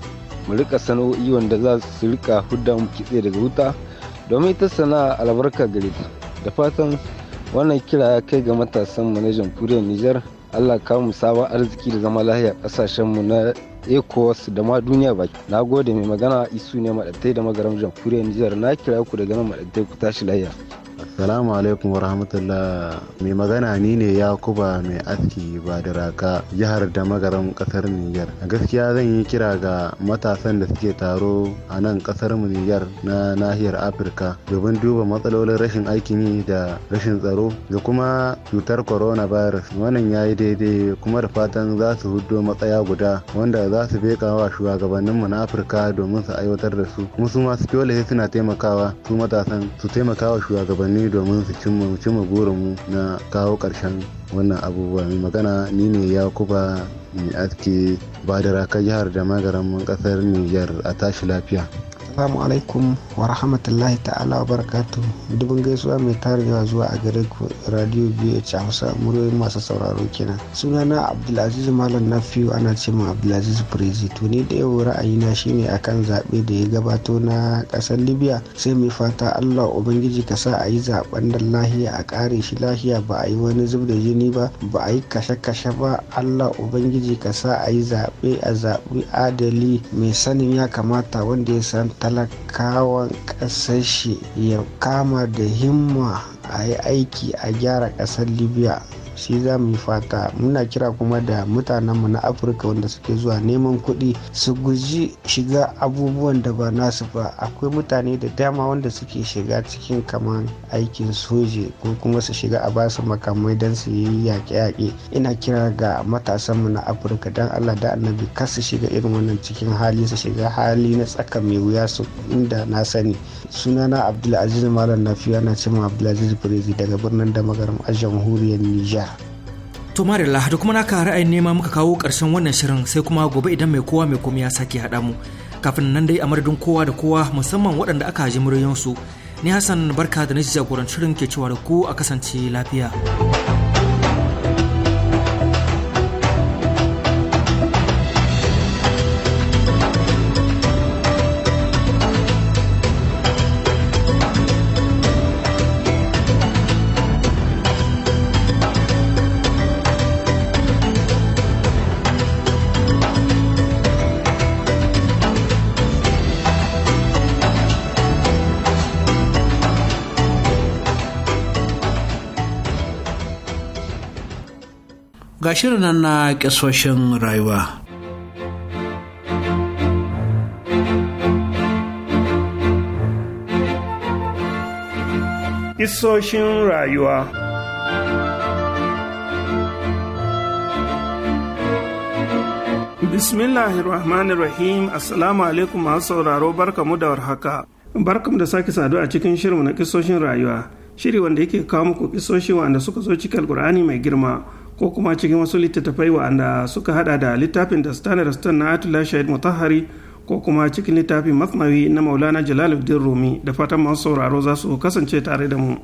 mu rika sana'o'i wanda za su rika hudda mu kitse daga wuta domin ita sana'a albarka gare ta da fatan wannan kira ya kai ga matasan mu na jamhuriyar nijar allah kawo mu sabon arziki da zama lahiya kasashen mu na ecowas da ma duniya baki na gode mai magana isu ne maɗattai da magaram jamhuriyar nijar na kira ku daga nan maɗattai ku tashi layya. Assalamu alaikum wa rahmatullah. Mai magana ni ne Yakuba mai aski ba da raka jihar da magaran kasar Niger. gaskiya zan yi kira ga matasan da suke taro a nan kasar Niger na nahiyar Afirka domin duba matsalolin rashin aikin yi da rashin tsaro da kuma cutar corona coronavirus. Wannan yi daidai kuma da fatan za su hudo matsaya guda wanda za su beka wa shugabannin mu na Afirka domin su aiwatar da su. Kuma su masu dole suna taimakawa su matasan su taimakawa shugaban shugabanni domin su cimma burinmu na kawo ƙarshen wannan abubuwa mai magana ni ne ya kuba mai ba badara ka jihar da magaramin kasar niger a tashi lafiya assalamu alaikum wa rahmatullahi ta'ala wa barakatu dubin gaisuwa mai tarewa zuwa a gare ku radio bh hausa muryoyin masu sauraro kenan sunana abdulaziz malam nafiu ana ce ma abdulaziz prezi to ni da yau na shine a kan zaɓe da ya gabato na ƙasar libya sai mai fata allah ubangiji ka sa a yi zaɓen da lahiya a ƙare shi lahiya ba a yi wani zub da jini ba ba a yi kashe-kashe ba allah ubangiji ka sa a yi zaɓe a zaɓi adali mai sanin ya kamata wanda ya san talakawan ƙasashe ya kama da himma a yi aiki a gyara ƙasar libya shi za mu fata muna kira kuma da mutanenmu na afirka wanda suke zuwa neman kuɗi su guji shiga abubuwan da ba nasu ba akwai mutane da dama wanda suke shiga cikin kamar aikin soji ko kuma su shiga a basu makamai don su yi yaƙe-yaƙe ina kira ga matasanmu na afirka don allah da annabi kar su shiga irin wannan cikin hali su shiga hali na tsaka mai wuya su inda na sani sunana abdulaziz malam nafiya na cimma abdulaziz firezi daga birnin damagaram a jamhuriyar nijar To Marilla da kuma naka ra'ayin nema muka kawo ƙarshen wannan shirin sai kuma gobe idan mai kowa mai komai ya sake haɗa mu. Kafin nan dai a madadin kowa da kowa musamman waɗanda aka ji muryoyinsu. Ni Hassan barka da na jagorancin shirin ke cewa da ku a kasance lafiya. shirin nan na kisoshin rayuwa. isoshin rayuwa Bismillahirrahmanirrahim Assalamu alaikum masu sauraro barkamu da warhaka. Barkamu da sake sadu a cikin shirinmu na kisoshin rayuwa. Shiri wanda yake kawo muku kisoshi wanda suka zo cikin Alkur'ani mai girma ko kuma cikin wasu littattafai wa'anda suka hada da littafin da standard stone na atula shahid mutahari ko kuma cikin littafin masnawi na maulana jalaluddin rumi da fatan masu sauraro za su kasance tare da mu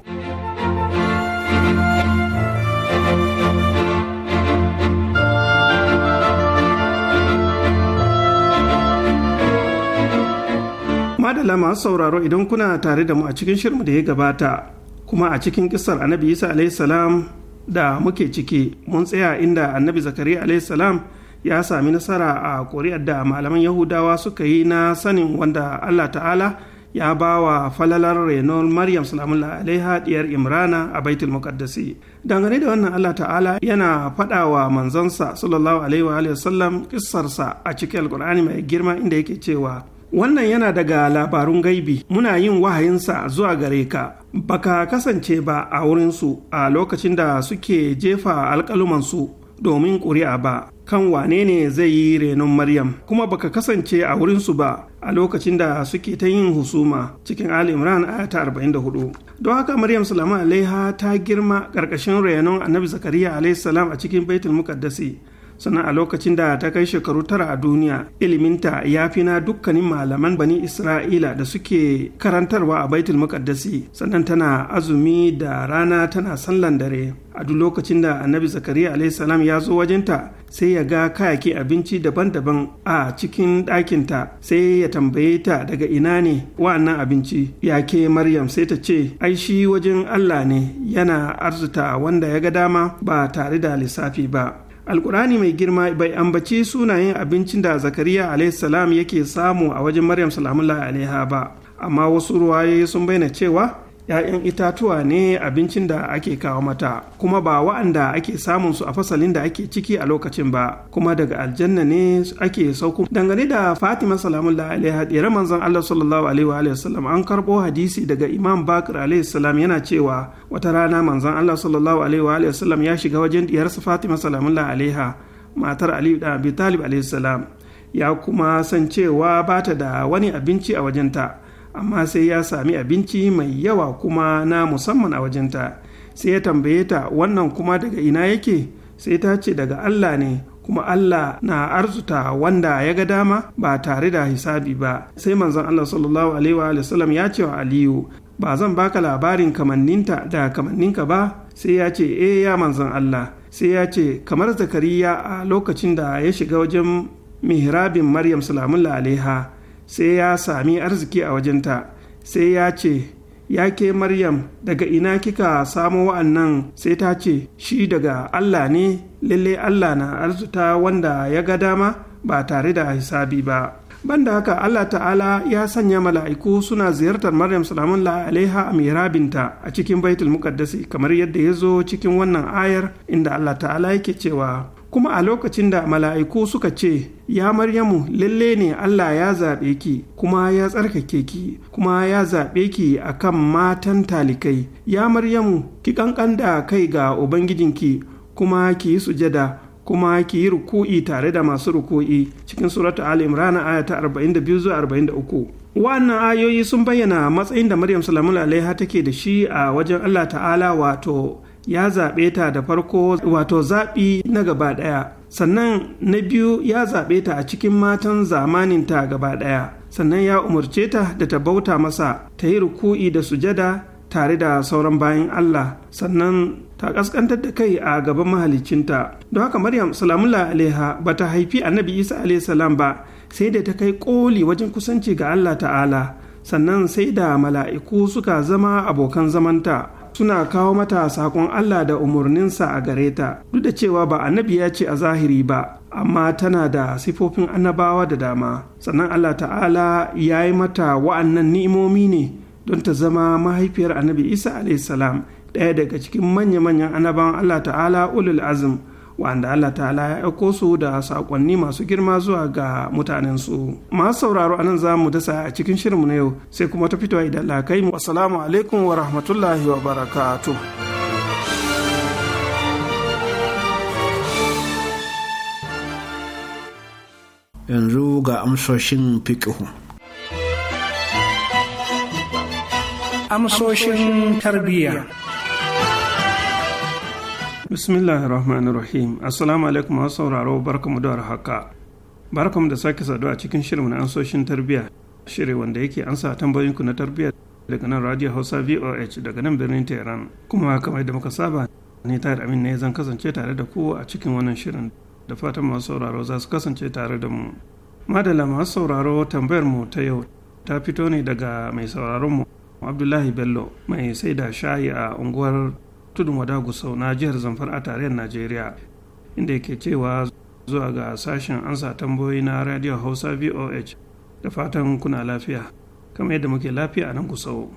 madala masu sauraro idan kuna tare da mu a cikin shirin da ya gabata kuma a cikin kisar annabi isa alaihi salam da muke ciki mun tsaya inda annabi zakariya salam ya sami nasara a ƙuri'ar da malaman yahudawa suka yi na sanin wanda allah ta'ala ya ba wa falalar renon maryam salamullah alaiha diyar imrana a baitul muqaddasi dangane da wannan allah ta'ala yana faɗa wa manzansa sallallahu alaihi wa sallam kissarsa a cikin Alƙur'ani mai girma inda yake cewa wannan yana daga labarun gaibi muna yin wahayinsa zuwa gare ka baka kasance ba a wurinsu a lokacin da suke jefa alkalumansu domin ƙuri'a ba kan wane ne zai yi renon maryam kuma baka kasance a wurinsu ba a lokacin da suke ta yin husuma cikin ali imran aya ta 44 don haka maryam salama alaiha ta girma ƙarƙashin renon annabi zakariya alaihi salam a cikin baitul muqaddasi sannan a lokacin da ta kai shekaru tara a duniya iliminta ya fi na dukkanin malaman bani isra'ila da suke karantarwa a baitul muqaddasi sannan tana azumi da rana tana sallan dare a duk lokacin da annabi zakariya alaihissalam ya zo wajenta sai ya ga kayaki abinci daban-daban a cikin ɗakinta sai ya tambaye ta daga ina ne wa'annan abinci ya ke maryam sai ta ce ai shi wajen allah ne yana arzuta wanda ya ga dama ba tare da lissafi ba alkurani mai girma bai ambaci sunayen abincin da zakariya alaihissalam yake samu a wajen maryam salamullahi alaiha ba amma wasu ruwaye sun bayyana cewa ‘ya'yan itatuwa ne abincin da ake kawo mata kuma ba wa'anda ake samun su a fasalin da ake ciki a lokacin ba kuma daga aljanna ne ake sauko dangane da fatima salamullahi alaiha tsere manzon allah sallallahu alaihi wa an karɓo hadisi daga imam bakir alaihi salam yana cewa wata rana manzon allah sallallahu alaihi wa ya shiga wajen diyarsa fatima salamullahi alaiha matar aliyu da abi talib alaihi salam ya kuma san cewa bata da wani abinci a wajenta amma sai ya sami abinci mai yawa kuma na musamman a wajenta sai ya tambaye ta wannan kuma daga ina yake sai ta ce daga Allah ne kuma Allah na arzuta wanda ya ga dama ba tare da hisabi ba sai manzon Allah sallallahu alaihi wa ya ce wa Aliyu ba zan baka labarin kamanninta da kamanninka ba sai ya ce eh ya manzon Allah sai ya ce kamar zakariya a lokacin da ya shiga wajen mihrabin maryam salamun alaiha sai ya sami arziki a wajenta sai ya ce ya ke maryam daga ina kika samo wa'annan sai ta ce shi daga allah ne lalle allah na arzuta wanda ya ga dama ba tare da hisabi ba banda haka Allah ta'ala ya sanya mala'iku suna ziyartar Maryam salamun alaiha a mirabinta a cikin baitul muqaddasi kamar yadda ya zo cikin wannan ayar inda Allah ta'ala yake cewa kuma a lokacin da mala'iku suka ce ya maryamu lalle ne allah ya zaɓe ki kuma ya tsarkake ki kuma ya zaɓe ki a kan matan talikai ya maryamu ki ƙanƙan da kai ga ubangijinki kuma ki yi sujada kuma ki yi ruku'i tare da masu ruku'i cikin suratu al imran aya ta 42 zuwa 43 Wannan ayoyi sun bayyana matsayin da maryam salamun alaiha take da shi a wajen allah ta'ala wato ya zaɓe ta da farko wato zaɓi na gaba ɗaya sannan na biyu ya zaɓe ta a cikin matan zamanin gaba ɗaya sannan ya umarce ta da ta bauta masa ta yi ruku'i da sujada tare da sauran bayan Allah sannan ta ƙasƙantar da kai a gaban mahalicinta don haka maryam salamullah alaiha ba ta haifi annabi isa alaihi salam ba sai da ta kai koli wajen kusanci ga Allah ta'ala sannan sai da mala'iku suka zama abokan zamanta suna kawo mata sakon Allah da umarninsa a gare ta duk da cewa ba annabi ya ce a zahiri ba amma tana da sifofin annabawa da dama sannan Allah ta'ala ya yi mata wa'annan ni'imomi ne don ta zama mahaifiyar annabi Isa Salam) ɗaya daga cikin manya-manyan annabawan Allah ta'ala ulul azm wanda Allah ta'ala ya aiko su da sakonni masu girma zuwa ga mutanensu masu sauraro anan za mu dasa a cikin shirinmu na yau sai kuma ta fitowa idan Allah kai mu assalamu alaikum wa rahmatullahi wa barakatuh yanzu ga amsoshin fiƙihu. Amsoshin tarbiyya. Bismillahirrahmanirrahim. Assalamu alaikum masu sauraro barkamu da haka. Barkamu da sake saduwa cikin shirin na ansoshin tarbiyya. Shiri wanda yake ansa ku na tarbiyya daga nan Radio Hausa VOH daga nan birnin Tehran. Kuma kamar da muka saba ni tayar amin ne zan kasance tare da ku a cikin wannan shirin da fatan masu sauraro za su kasance tare da mu. Madala masu sauraro tambayar mu ta yau ta fito ne daga mai sauraron mu Abdullahi Bello mai sai da shayi a unguwar tudun wada gusau na jihar zamfar a tarayyar najeriya inda yake cewa zuwa ga sashen ansa tambayoyi na radio hausa voh da fatan kuna lafiya kamar yadda muke lafiya a nan gusau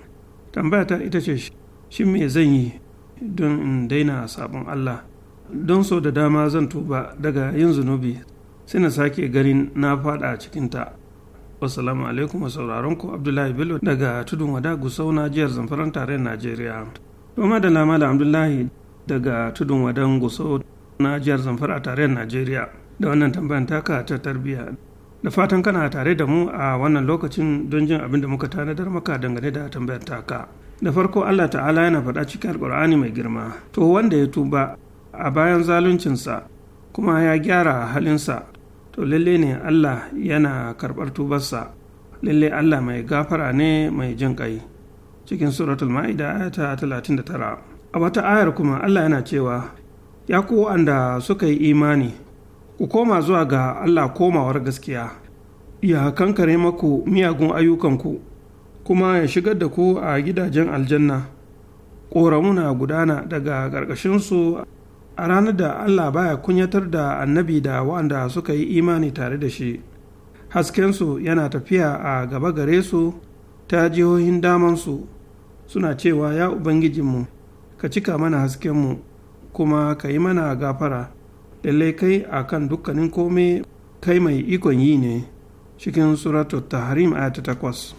tambaya ta ita ce shin me zan yi don in daina sabon allah don so da dama zan tuba daga yin zunubi sai na sake ganin na fada cikinta wasalamu alaikum sauraron ku abdullahi bello daga tudun wada gusau na jihar zamfaran tarayyar najeriya Umar da Lamala Abdullahi daga tudun wadan guso na jihar Zamfara a tarayyar Najeriya da wannan tambayan taka ta tarbiyya. Da fatan kana tare da mu a wannan lokacin don jin abin da muka tanadar maka dangane da tambayar taka. Da farko Allah ta'ala yana faɗa cikin alƙur'ani mai girma. To wanda ya tuba a bayan zaluncinsa kuma ya gyara halinsa to lalle ne Allah yana karɓar tubarsa lalle Allah mai gafara ne mai jin ƙai. cikin suratul ma'ida ayata tara. a wata ayar kuma Allah yana cewa ya ku wanda suka yi imani ku koma zuwa ga Allah komawar gaskiya ya kankare maku miyagun ayyukanku kuma ya shigar da ku a gidajen aljanna ƙoramuna gudana daga ƙarƙashinsu a ranar da Allah baya kunyatar da annabi da wanda suka yi imani tare da shi haskensu yana tafiya a gaba gare su ta jihohin damansu suna cewa ya ubangijinmu ka cika mana haskenmu kuma ka yi mana gafara lallai kai a kan dukkanin kome kai mai ikon yi ne cikin suratu taharim aya ta takwas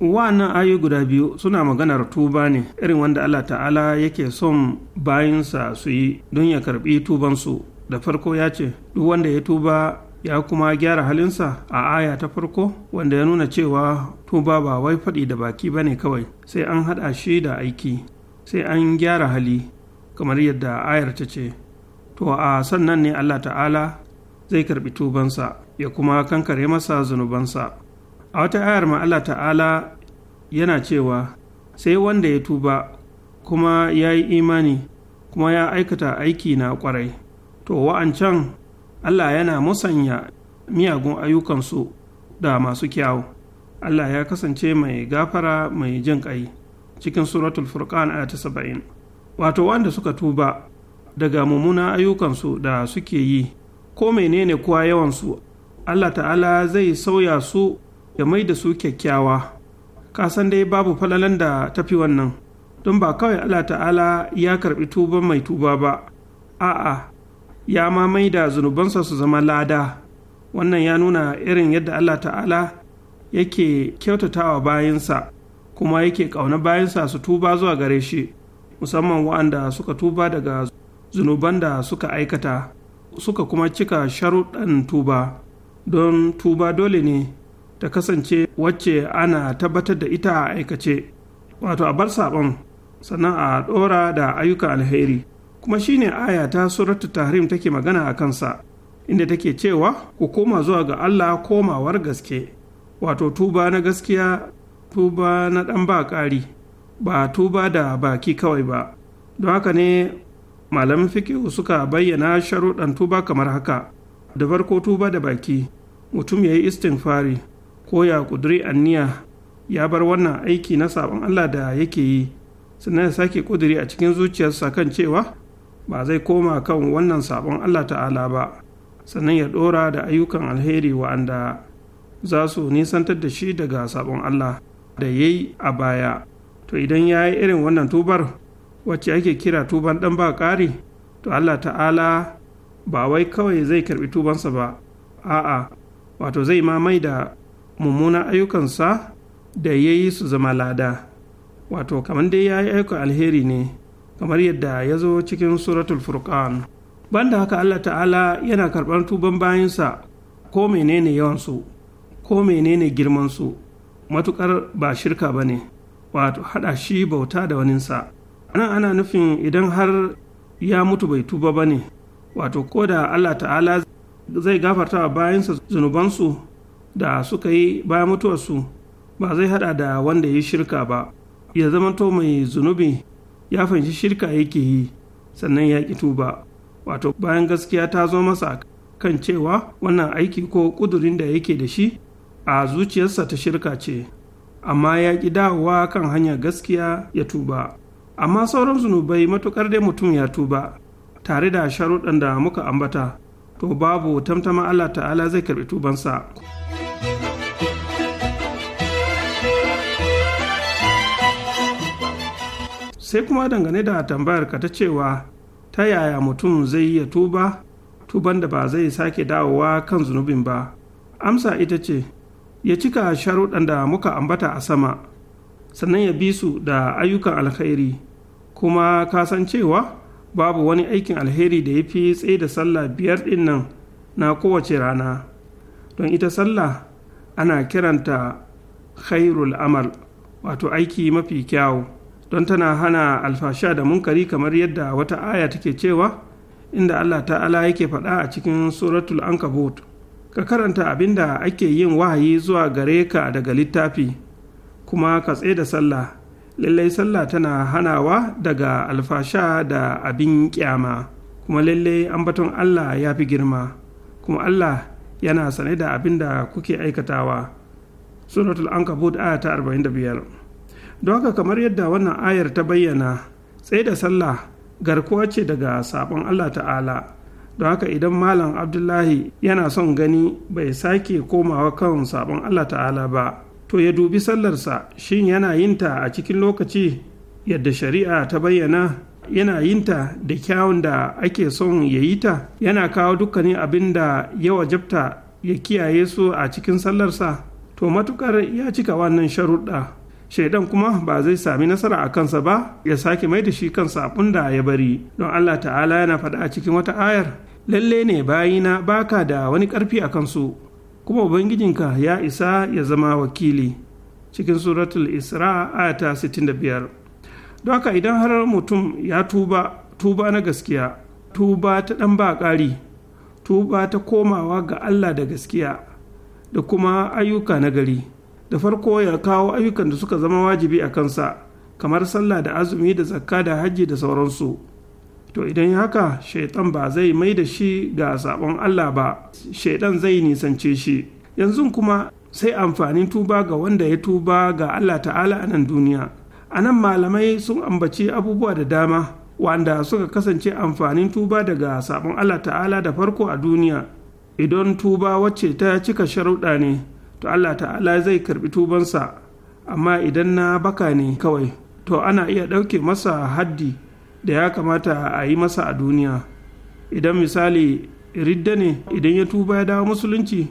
wa'annan ayoyi guda biyu suna maganar tuba ne irin wanda allah ta'ala yake son bayansa su yi don ya karbi tubansu da farko ya ce duk wanda ya tuba ya kuma gyara halinsa a aya ta farko wanda ya nuna cewa tuba ba wai faɗi da baki ba ne kawai sai an haɗa shi da aiki sai an gyara hali kamar yadda ayar ta ce to a sannan ne allah ta'ala zai karɓi tubansa ya kuma kankare masa zunubansa a wata ayar ma allah ta'ala yana cewa sai wanda ya tuba kuma ya yi imani kuma ya aikata aiki na kwarai to wa'ancan Allah yana musanya miyagun ayyukansu da masu kyawu Allah ya kasance mai gafara mai jin ƙai cikin suratul furqan a ta saba'in wato wanda suka tuba daga mummunan ayyukansu da suke yi ko menene kuwa yawansu Allah ta'ala zai sauya su ya mai da su kyakkyawa Ka san dai babu falalan da tafi wannan don ba kawai Allah ta'ala ya karɓi tuba mai tuba ba a'a ya ma mai da zunubansa su zama lada wannan ya nuna irin yadda allah ta'ala yake kyautatawa bayansa kuma yake ƙauna bayansa su tuba zuwa gare shi musamman wa'anda suka tuba daga zunuban da suka aikata suka kuma cika sharuɗan tuba don tuba dole ne ta kasance wacce ana tabbatar da ita a aikace wato a bar saɓon sannan a ɗora da ayyukan alheri kuma shine aya ta suratu tahrim take magana a kansa inda take cewa ku koma zuwa ga Allah komawar gaske wato tuba na gaskiya tuba na ɗan ba kari ba tuba da baki kawai ba don haka ne malamin fikihu suka bayyana sharuɗan tuba kamar haka da barko tuba da baki mutum ya yi istinfari ko ya ƙuduri anniya ya bar wannan aiki na sabon Allah da yake yi sannan ya sake ƙuduri a cikin zuciyarsa kan cewa ba zai koma kan wannan sabon Allah ta'ala ba sannan ya ɗora da ayyukan alheri wa'anda za su nisantar da shi daga sabon Allah da ya yi a baya to idan ya yi irin wannan tubar wacce ake kira tuban ɗan ba ƙari to Allah ta'ala ba wai kawai zai karɓi tubansa ba a'a wato zai mamai da mummunan ayyukansa da ya yi su zama lada wato kamar dai ya yi ayyukan alheri ne kamar yadda ya zo cikin suratul furqan banda haka Allah ta'ala yana karɓar tuban bayansa ko menene yawansu ko menene girmansu matukar ba shirka ba ne wato haɗa shi bauta da waninsa nan ana nufin idan har ya mutu bai tuba ba ne wato ko da allah ta'ala zai gafarta wa bayansa zunubansu da suka yi bayan mutuwar su. ba zai hada da wanda ya shirka ba ya zama to mai zunubi ya fahimci shirka yake yi sannan ya ƙi tuba wato bayan gaskiya ta zo masa kan cewa wannan aiki ko ƙudurin da yake da shi a zuciyarsa ta shirka ce amma ya ƙi dawowa kan hanyar gaskiya ya tuba amma sauran zunubai matuƙar dai mutum ya tuba tare da sharuɗan da muka ambata to babu tamtama Allah ta'ala zai karɓi tubansa. sai kuma dangane da tambayar ka ta cewa ta yaya mutum zai iya tuba tuban da ba zai sake dawowa kan zunubin ba amsa ita ce ya cika sharuɗan da muka ambata a sama sannan ya bi su da ayyukan alkhairi kuma ka san cewa babu wani aikin alheri da ya fi tsaye da sallah biyar ɗin na kowace rana don ita sallah ana kiranta khairul amal wato aiki mafi kyawu don tana hana alfasha da munkari kamar yadda wata aya take cewa inda Allah ta'ala yake faɗa a cikin suratul ankabut ka karanta abin da ake yin wahayi zuwa gare ka daga littafi kuma ka da sallah lallai sallah tana hanawa daga alfasha da abin kyama kuma lallai ambaton Allah ya fi girma kuma Allah yana sane da abin da kuke aikatawa suratul ankabut aya ta 45 don haka kamar yadda wannan ayar ta bayyana tsaye da sallah garkuwa ce daga sabon allah ta'ala don haka idan malam abdullahi yana son gani bai sake komawa kan sabon allah ta'ala ba to ya dubi sallarsa shin yana yinta a cikin lokaci yadda shari'a ta bayyana yana yinta da kyawun da ake son ya yi ta yana kawo dukkanin abin da ya wajabta ya kiyaye su a cikin sallarsa to matukar ya cika wannan sharuɗa shaidan kuma ba zai sami nasara a kansa ba ya sake mai da shi kansa abin da ya bari don Allah ta'ala yana faɗa a cikin wata ayar lalle ne bayina baka da wani ƙarfi a kansu kuma ubangijinka ya isa ya zama wakili cikin suratul isra ayata 65 don haka idan har mutum ya tuba tuba na gaskiya tuba ta ɗan ba ƙari tuba ta komawa ga Allah da gaskiya da kuma ayyuka na gari da farko ya kawo ayyukan da suka zama wajibi a kansa kamar sallah da azumi da zakka da hajji da sauransu to idan ya haka shaitan ba zai mai da shi ga sabon allah ba shaiɗan zai nisance shi yanzu kuma sai amfanin tuba ga wanda ya tuba ga allah ta'ala a nan duniya a nan malamai sun ambaci abubuwa da dama wanda suka kasance amfanin tuba daga sabon allah ta'ala da farko a duniya idan tuba wacce ta cika sharuɗa ne to Allah ta'ala zai karbi tubansa amma idan na baka ne kawai to ana iya ɗauke masa haddi da ya kamata a yi masa a duniya idan misali ridda ne idan ya tuba ya dawo musulunci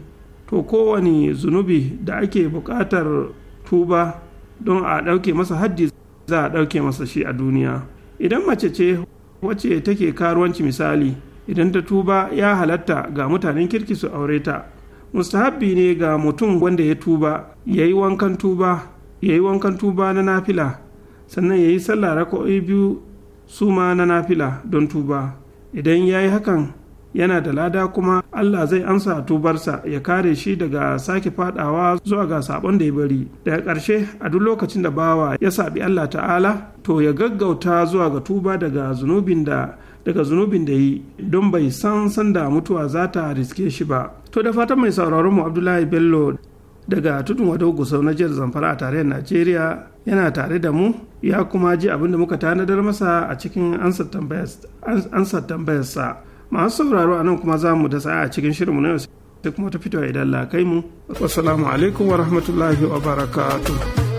to kowane zunubi da ake buƙatar tuba don a ɗauke masa haddi za a ɗauke masa shi a duniya idan mace ce wacce take karuwanci misali idan ta tuba ya halatta ga mutanen kirki su aure ta mustahabbi ne ga mutum wanda ya tuba ya yi wankan tuba ya yi wankan tuba na nafila sannan ya yi sallah rako'i biyu su ma na nafila don tuba idan ya yi hakan yana da lada kuma Allah zai ansa tubarsa ya kare shi daga sake fadawa zuwa ga sabon da ya bari daga ƙarshe a duk lokacin da bawa ya saɓi Allah ta'ala to ya gaggauta zuwa ga tuba daga zunubin da daga zunubin da yi don bai san sanda mutuwa za ta riske shi ba to da fatan mai sauraron mu abdullahi bello daga tudun wado gusau na jihar zamfara a tarayyar najeriya yana tare da mu ya kuma ji abin da muka tanadar masa a cikin ansar tambayarsa masu sauraro a nan kuma za mu da a cikin shirin mu na yau sai kuma ta fito idan la kai mu assalamu alaikum wa rahmatullahi wa barakatuh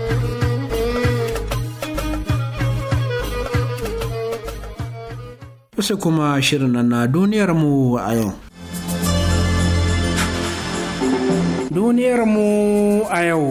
sai kuma shirin na duniyarmu a yau. Duniyarmu a yau.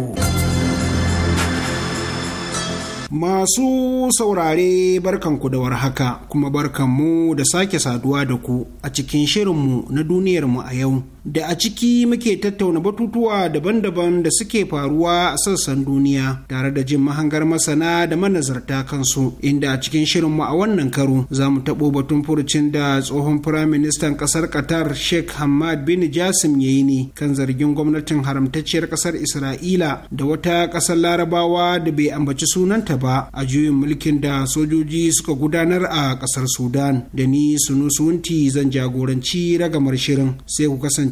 Masu saurare barkan ku da warhaka kuma barkan mu da sake saduwa da ku a cikin shirinmu na duniyarmu a yau. da a ciki muke tattauna batutuwa daban-daban da suke faruwa a sassan duniya tare da jin mahangar masana da manazarta kansu inda a cikin shirinmu a wannan karo za mu taɓo batun furucin da tsohon firaministan ƙasar qatar sheikh hamad bin jasim ya yi ne kan zargin gwamnatin haramtacciyar ƙasar isra'ila da wata ƙasar larabawa da bai ambaci sunanta ba a juyin mulkin da sojoji suka gudanar a ƙasar sudan da ni sunusunti zan jagoranci ragamar shirin sai ku kasance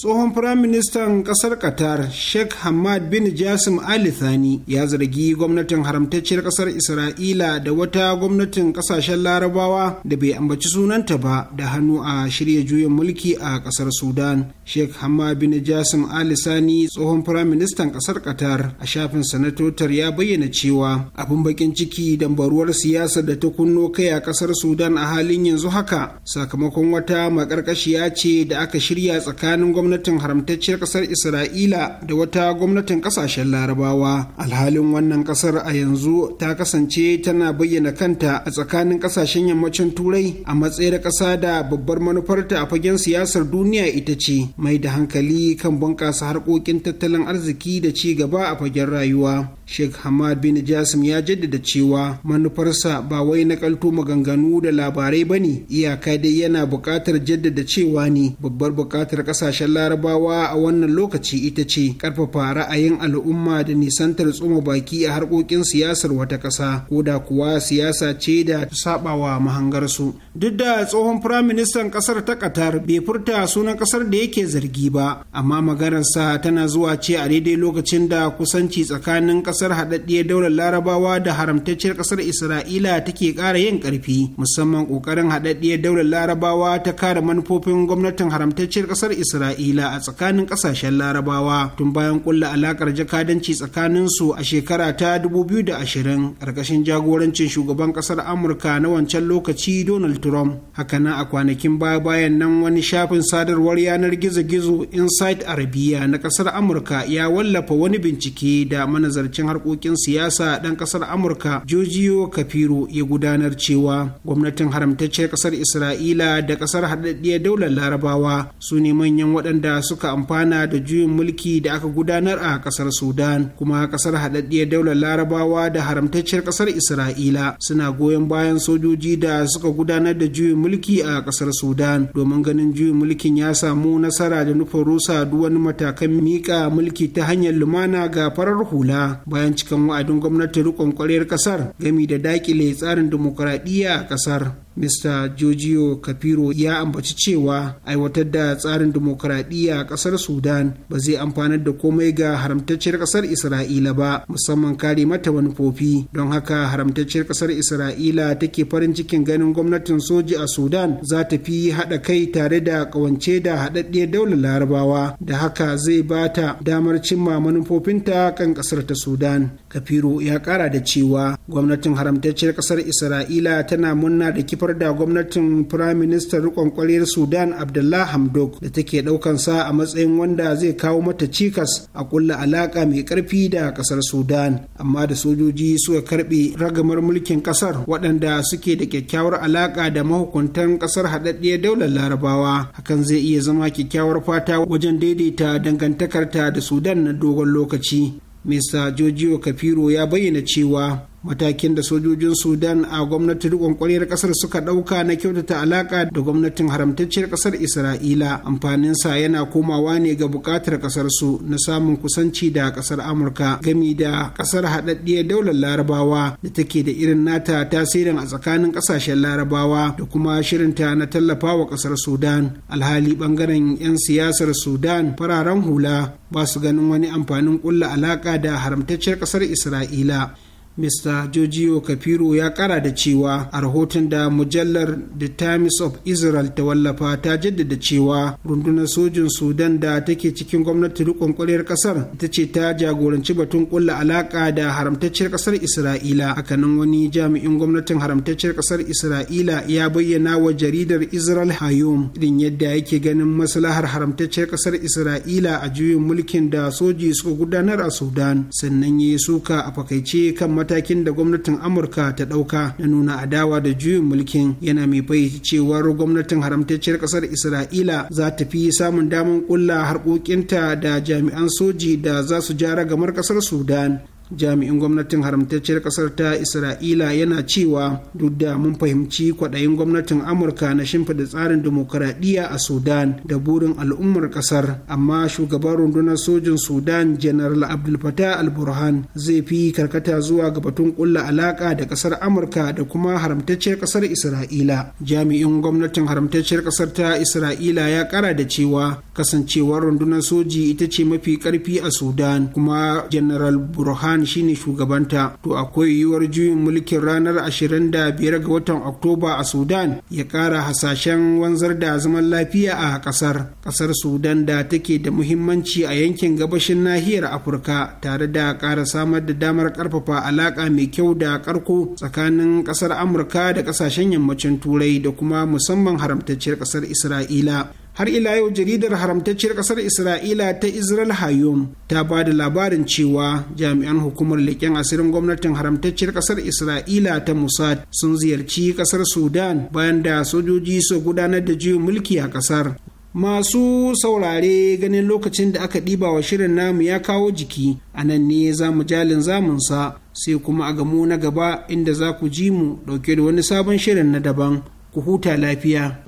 tsohon firaministan ƙasar qatar sheikh hamad bin jasim ali thani ya zargi gwamnatin haramtacciyar ƙasar isra'ila da wata gwamnatin ƙasashen larabawa da bai ambaci sunanta ba da hannu a shirya juyin mulki a ƙasar sudan sheikh hamad bin jasim ali thani tsohon firaministan ƙasar qatar a shafin sanatotar ya bayyana cewa abin bakin ciki dambaruwar siyasa, da ta kunno kai a ƙasar sudan a halin yanzu haka sakamakon wata maƙarƙashiya ce da aka shirya tsakanin gwamnati gwamnatin haramtacciyar kasar isra'ila da wata gwamnatin kasashen larabawa alhalin wannan kasar a yanzu ta kasance tana bayyana kanta a tsakanin kasashen yammacin turai a matsayar kasa da babbar manufarta a fagen siyasar duniya ita ce mai da hankali kan bunƙasa harkokin tattalin arziki da ci gaba a fagen rayuwa Sheikh Hamad bin Jasim ya jaddada cewa manufarsa ba wai na kalto maganganu da labarai bane iyaka dai yana buƙatar jaddada cewa ne babbar buƙatar ƙasashen larabawa a wannan lokaci ita ce karfafa ra'ayin al'umma da nisantar tsoma baki a harkokin siyasar wata ƙasa ko da kuwa siyasa ce da sabawa mahangarsu duk da tsohon firaministan ƙasar ta qatar bai furta sunan ƙasar da yake zargi ba amma maganarsa tana zuwa ce a daidai lokacin da kusanci tsakanin ƙasar haɗaɗɗiyar daular larabawa da haramtacciyar ƙasar isra'ila take ƙara yin ƙarfi musamman ƙoƙarin haɗaɗɗiyar daular larabawa ta kare manufofin gwamnatin haramtacciyar ƙasar isra'ila kabila a tsakanin ƙasashen larabawa tun bayan kulla alakar jakadanci tsakaninsu a shekara ta 2020 karkashin jagorancin shugaban ƙasar amurka na wancan lokaci donald trump hakanan a kwanakin baya bayan nan wani shafin sadarwar yanar gizo-gizo inside arabiya na ƙasar amurka ya wallafa wani bincike da manazarcin harkokin siyasa ɗan ƙasar amurka jojiyo kafiro ya gudanar cewa gwamnatin haramtacciyar ƙasar isra'ila da ƙasar haɗaɗɗiyar daular larabawa su ne manyan waɗanda waɗanda suka amfana da juyin mulki da aka gudanar a ƙasar sudan kuma ƙasar haɗaɗɗiyar daular larabawa da haramtacciyar ƙasar isra'ila suna goyon bayan sojoji da suka gudanar da juyin mulki a ƙasar sudan domin ganin juyin mulkin ya samu nasara da nufin rusa duk wani matakan miƙa mulki ta hanyar lumana ga farar hula bayan cikin wa'adin gwamnati riƙon ƙwarar ƙasar gami da daƙile tsarin dimokuraɗiyya a ƙasar Mista Jojiyo Kapiro ya ambaci cewa aiwatar da tsarin dimokuraɗiyya a ƙasar Sudan ba zai amfanar da komai ga haramtacciyar ƙasar Isra'ila ba musamman kare mata manufofi don haka haramtacciyar ƙasar Isra'ila take farin cikin ganin gwamnatin soji a Sudan za ta fi haɗa kai tare da ƙawance da haɗaɗɗiyar daular larabawa da haka zai ba ta damar cimma manufofinta kan ƙasar ta Sudan. Kapiro ya ƙara da cewa gwamnatin haramtacciyar ƙasar Isra'ila tana munna da kifar da gwamnatin firaministan rikon kwaliyar sudan abdullah hamdok da take ɗaukansa a matsayin wanda zai kawo mata cikas a kulla alaƙa mai karfi da ƙasar sudan amma da sojoji suka karɓe ragamar mulkin ƙasar waɗanda suke da kyakkyawar alaƙa da mahukuntan ƙasar haɗaɗɗiyar daular larabawa hakan zai iya zama kyakkyawar fata wajen daidaita dangantakarta da sudan na dogon lokaci Mista Jojiyo Kafiro ya bayyana cewa matakin da sojojin sudan a gwamnati rikon kwaryar kasar suka dauka na kyautata alaka da gwamnatin haramtacciyar kasar isra'ila amfaninsa yana komawa ne ga bukatar kasar su na samun kusanci da kasar amurka gami da kasar haɗaɗɗiyar daular larabawa da take da irin nata tasirin a tsakanin kasashen larabawa da kuma shirinta na tallafa wa kasar sudan alhali bangaren 'yan siyasar sudan fararen hula ba su ganin wani amfanin kulla alaka da haramtacciyar kasar isra'ila Mr. Giorgio Kapiru ya kara da cewa a rahoton da mujallar The Times of Israel ta wallafa ta jaddada cewa rundunar sojin Sudan da take cikin gwamnati rikon kwarewar kasar ita ce ta jagoranci batun kulla alaka da haramtacciyar kasar Isra'ila hakanan wani jami'in gwamnatin haramtacciyar kasar Isra'ila ya bayyana wa jaridar Israel Hayom irin yadda yake ganin maslahar haramtacciyar kasar Isra'ila a juyin mulkin da soji suka gudanar a Sudan sannan ya yi suka a fakaice kan matakin da gwamnatin amurka ta ɗauka na nuna adawa da juyin mulkin yana mai fahimci cewar gwamnatin haramtacciyar ƙasar isra'ila za ta fi samun damar ƙulla harkokinta da jami'an soji da za su jara gamar ƙasar sudan jami'in gwamnatin haramtacciyar kasar ta isra'ila yana cewa duk da mun fahimci kwaɗayin gwamnatin amurka na shimfida tsarin dimokuraɗiyya a sudan da burin al'ummar ƙasar amma shugaban rundunar sojin sudan general abdul fatah al-burhan zai fi karkata zuwa ga batun kulla alaka da ƙasar amurka da kuma haramtacciyar kasar isra'ila jami'in gwamnatin haramtacciyar kasar ta isra'ila ya kara da cewa kasancewar rundunar soji ita ce mafi ƙarfi a sudan kuma general burhan iran shine shugabanta to akwai yiwuwar juyin mulkin ranar 25 ga watan oktoba a sudan ya ƙara hasashen wanzar da zaman lafiya a ƙasar ƙasar sudan da take da muhimmanci a yankin gabashin nahiyar afirka tare da ƙara samar da damar ƙarfafa alaƙa mai kyau da ƙarko tsakanin ƙasar amurka da ƙasashen yammacin turai da kuma musamman haramtacciyar ƙasar isra'ila har ila yau jaridar haramtacciyar kasar isra'ila ta israel hayom ta ba da labarin cewa jami'an hukumar leƙen asirin gwamnatin haramtacciyar kasar isra'ila ta musad sun ziyarci kasar sudan bayan da sojoji su gudanar da juyin mulki a kasar masu saurare ganin lokacin da aka ɗiba wa shirin namu ya kawo jiki a nan ne za mu jalin zamunsa sai kuma a gamo na gaba inda za ku ji mu ɗauke da wani sabon shirin na daban ku huta lafiya.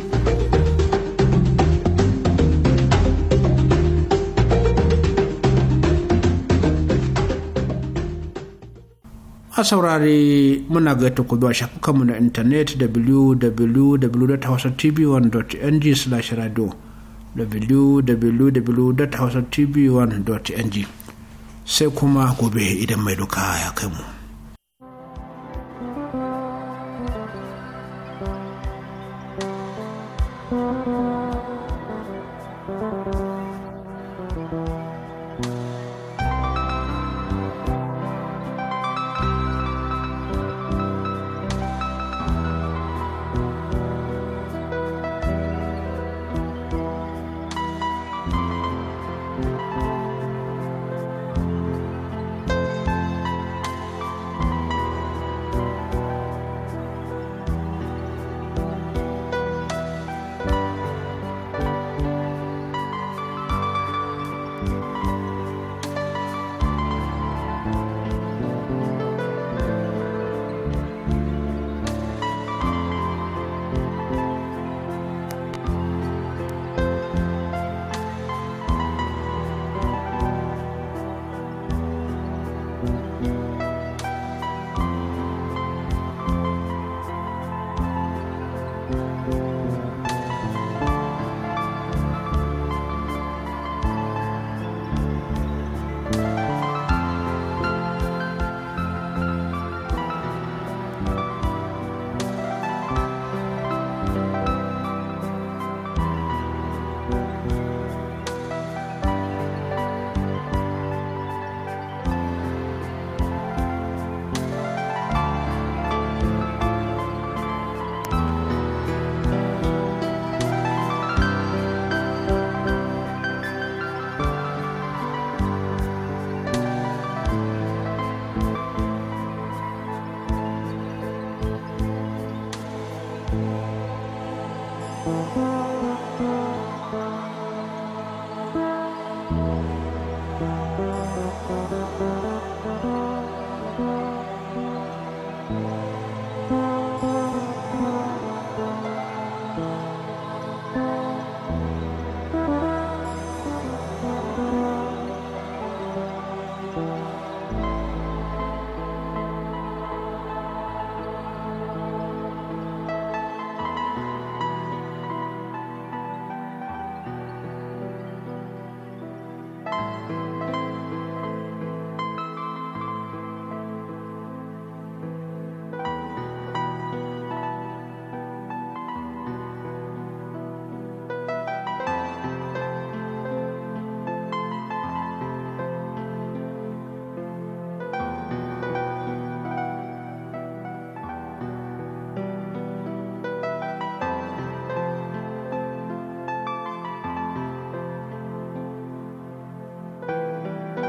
a saurari muna gaita ku zuwa shafukanmu na intanet www.hausatv1.ng slash radio www.hausatv1.ng sai kuma gobe idan mai duka ya kai mu.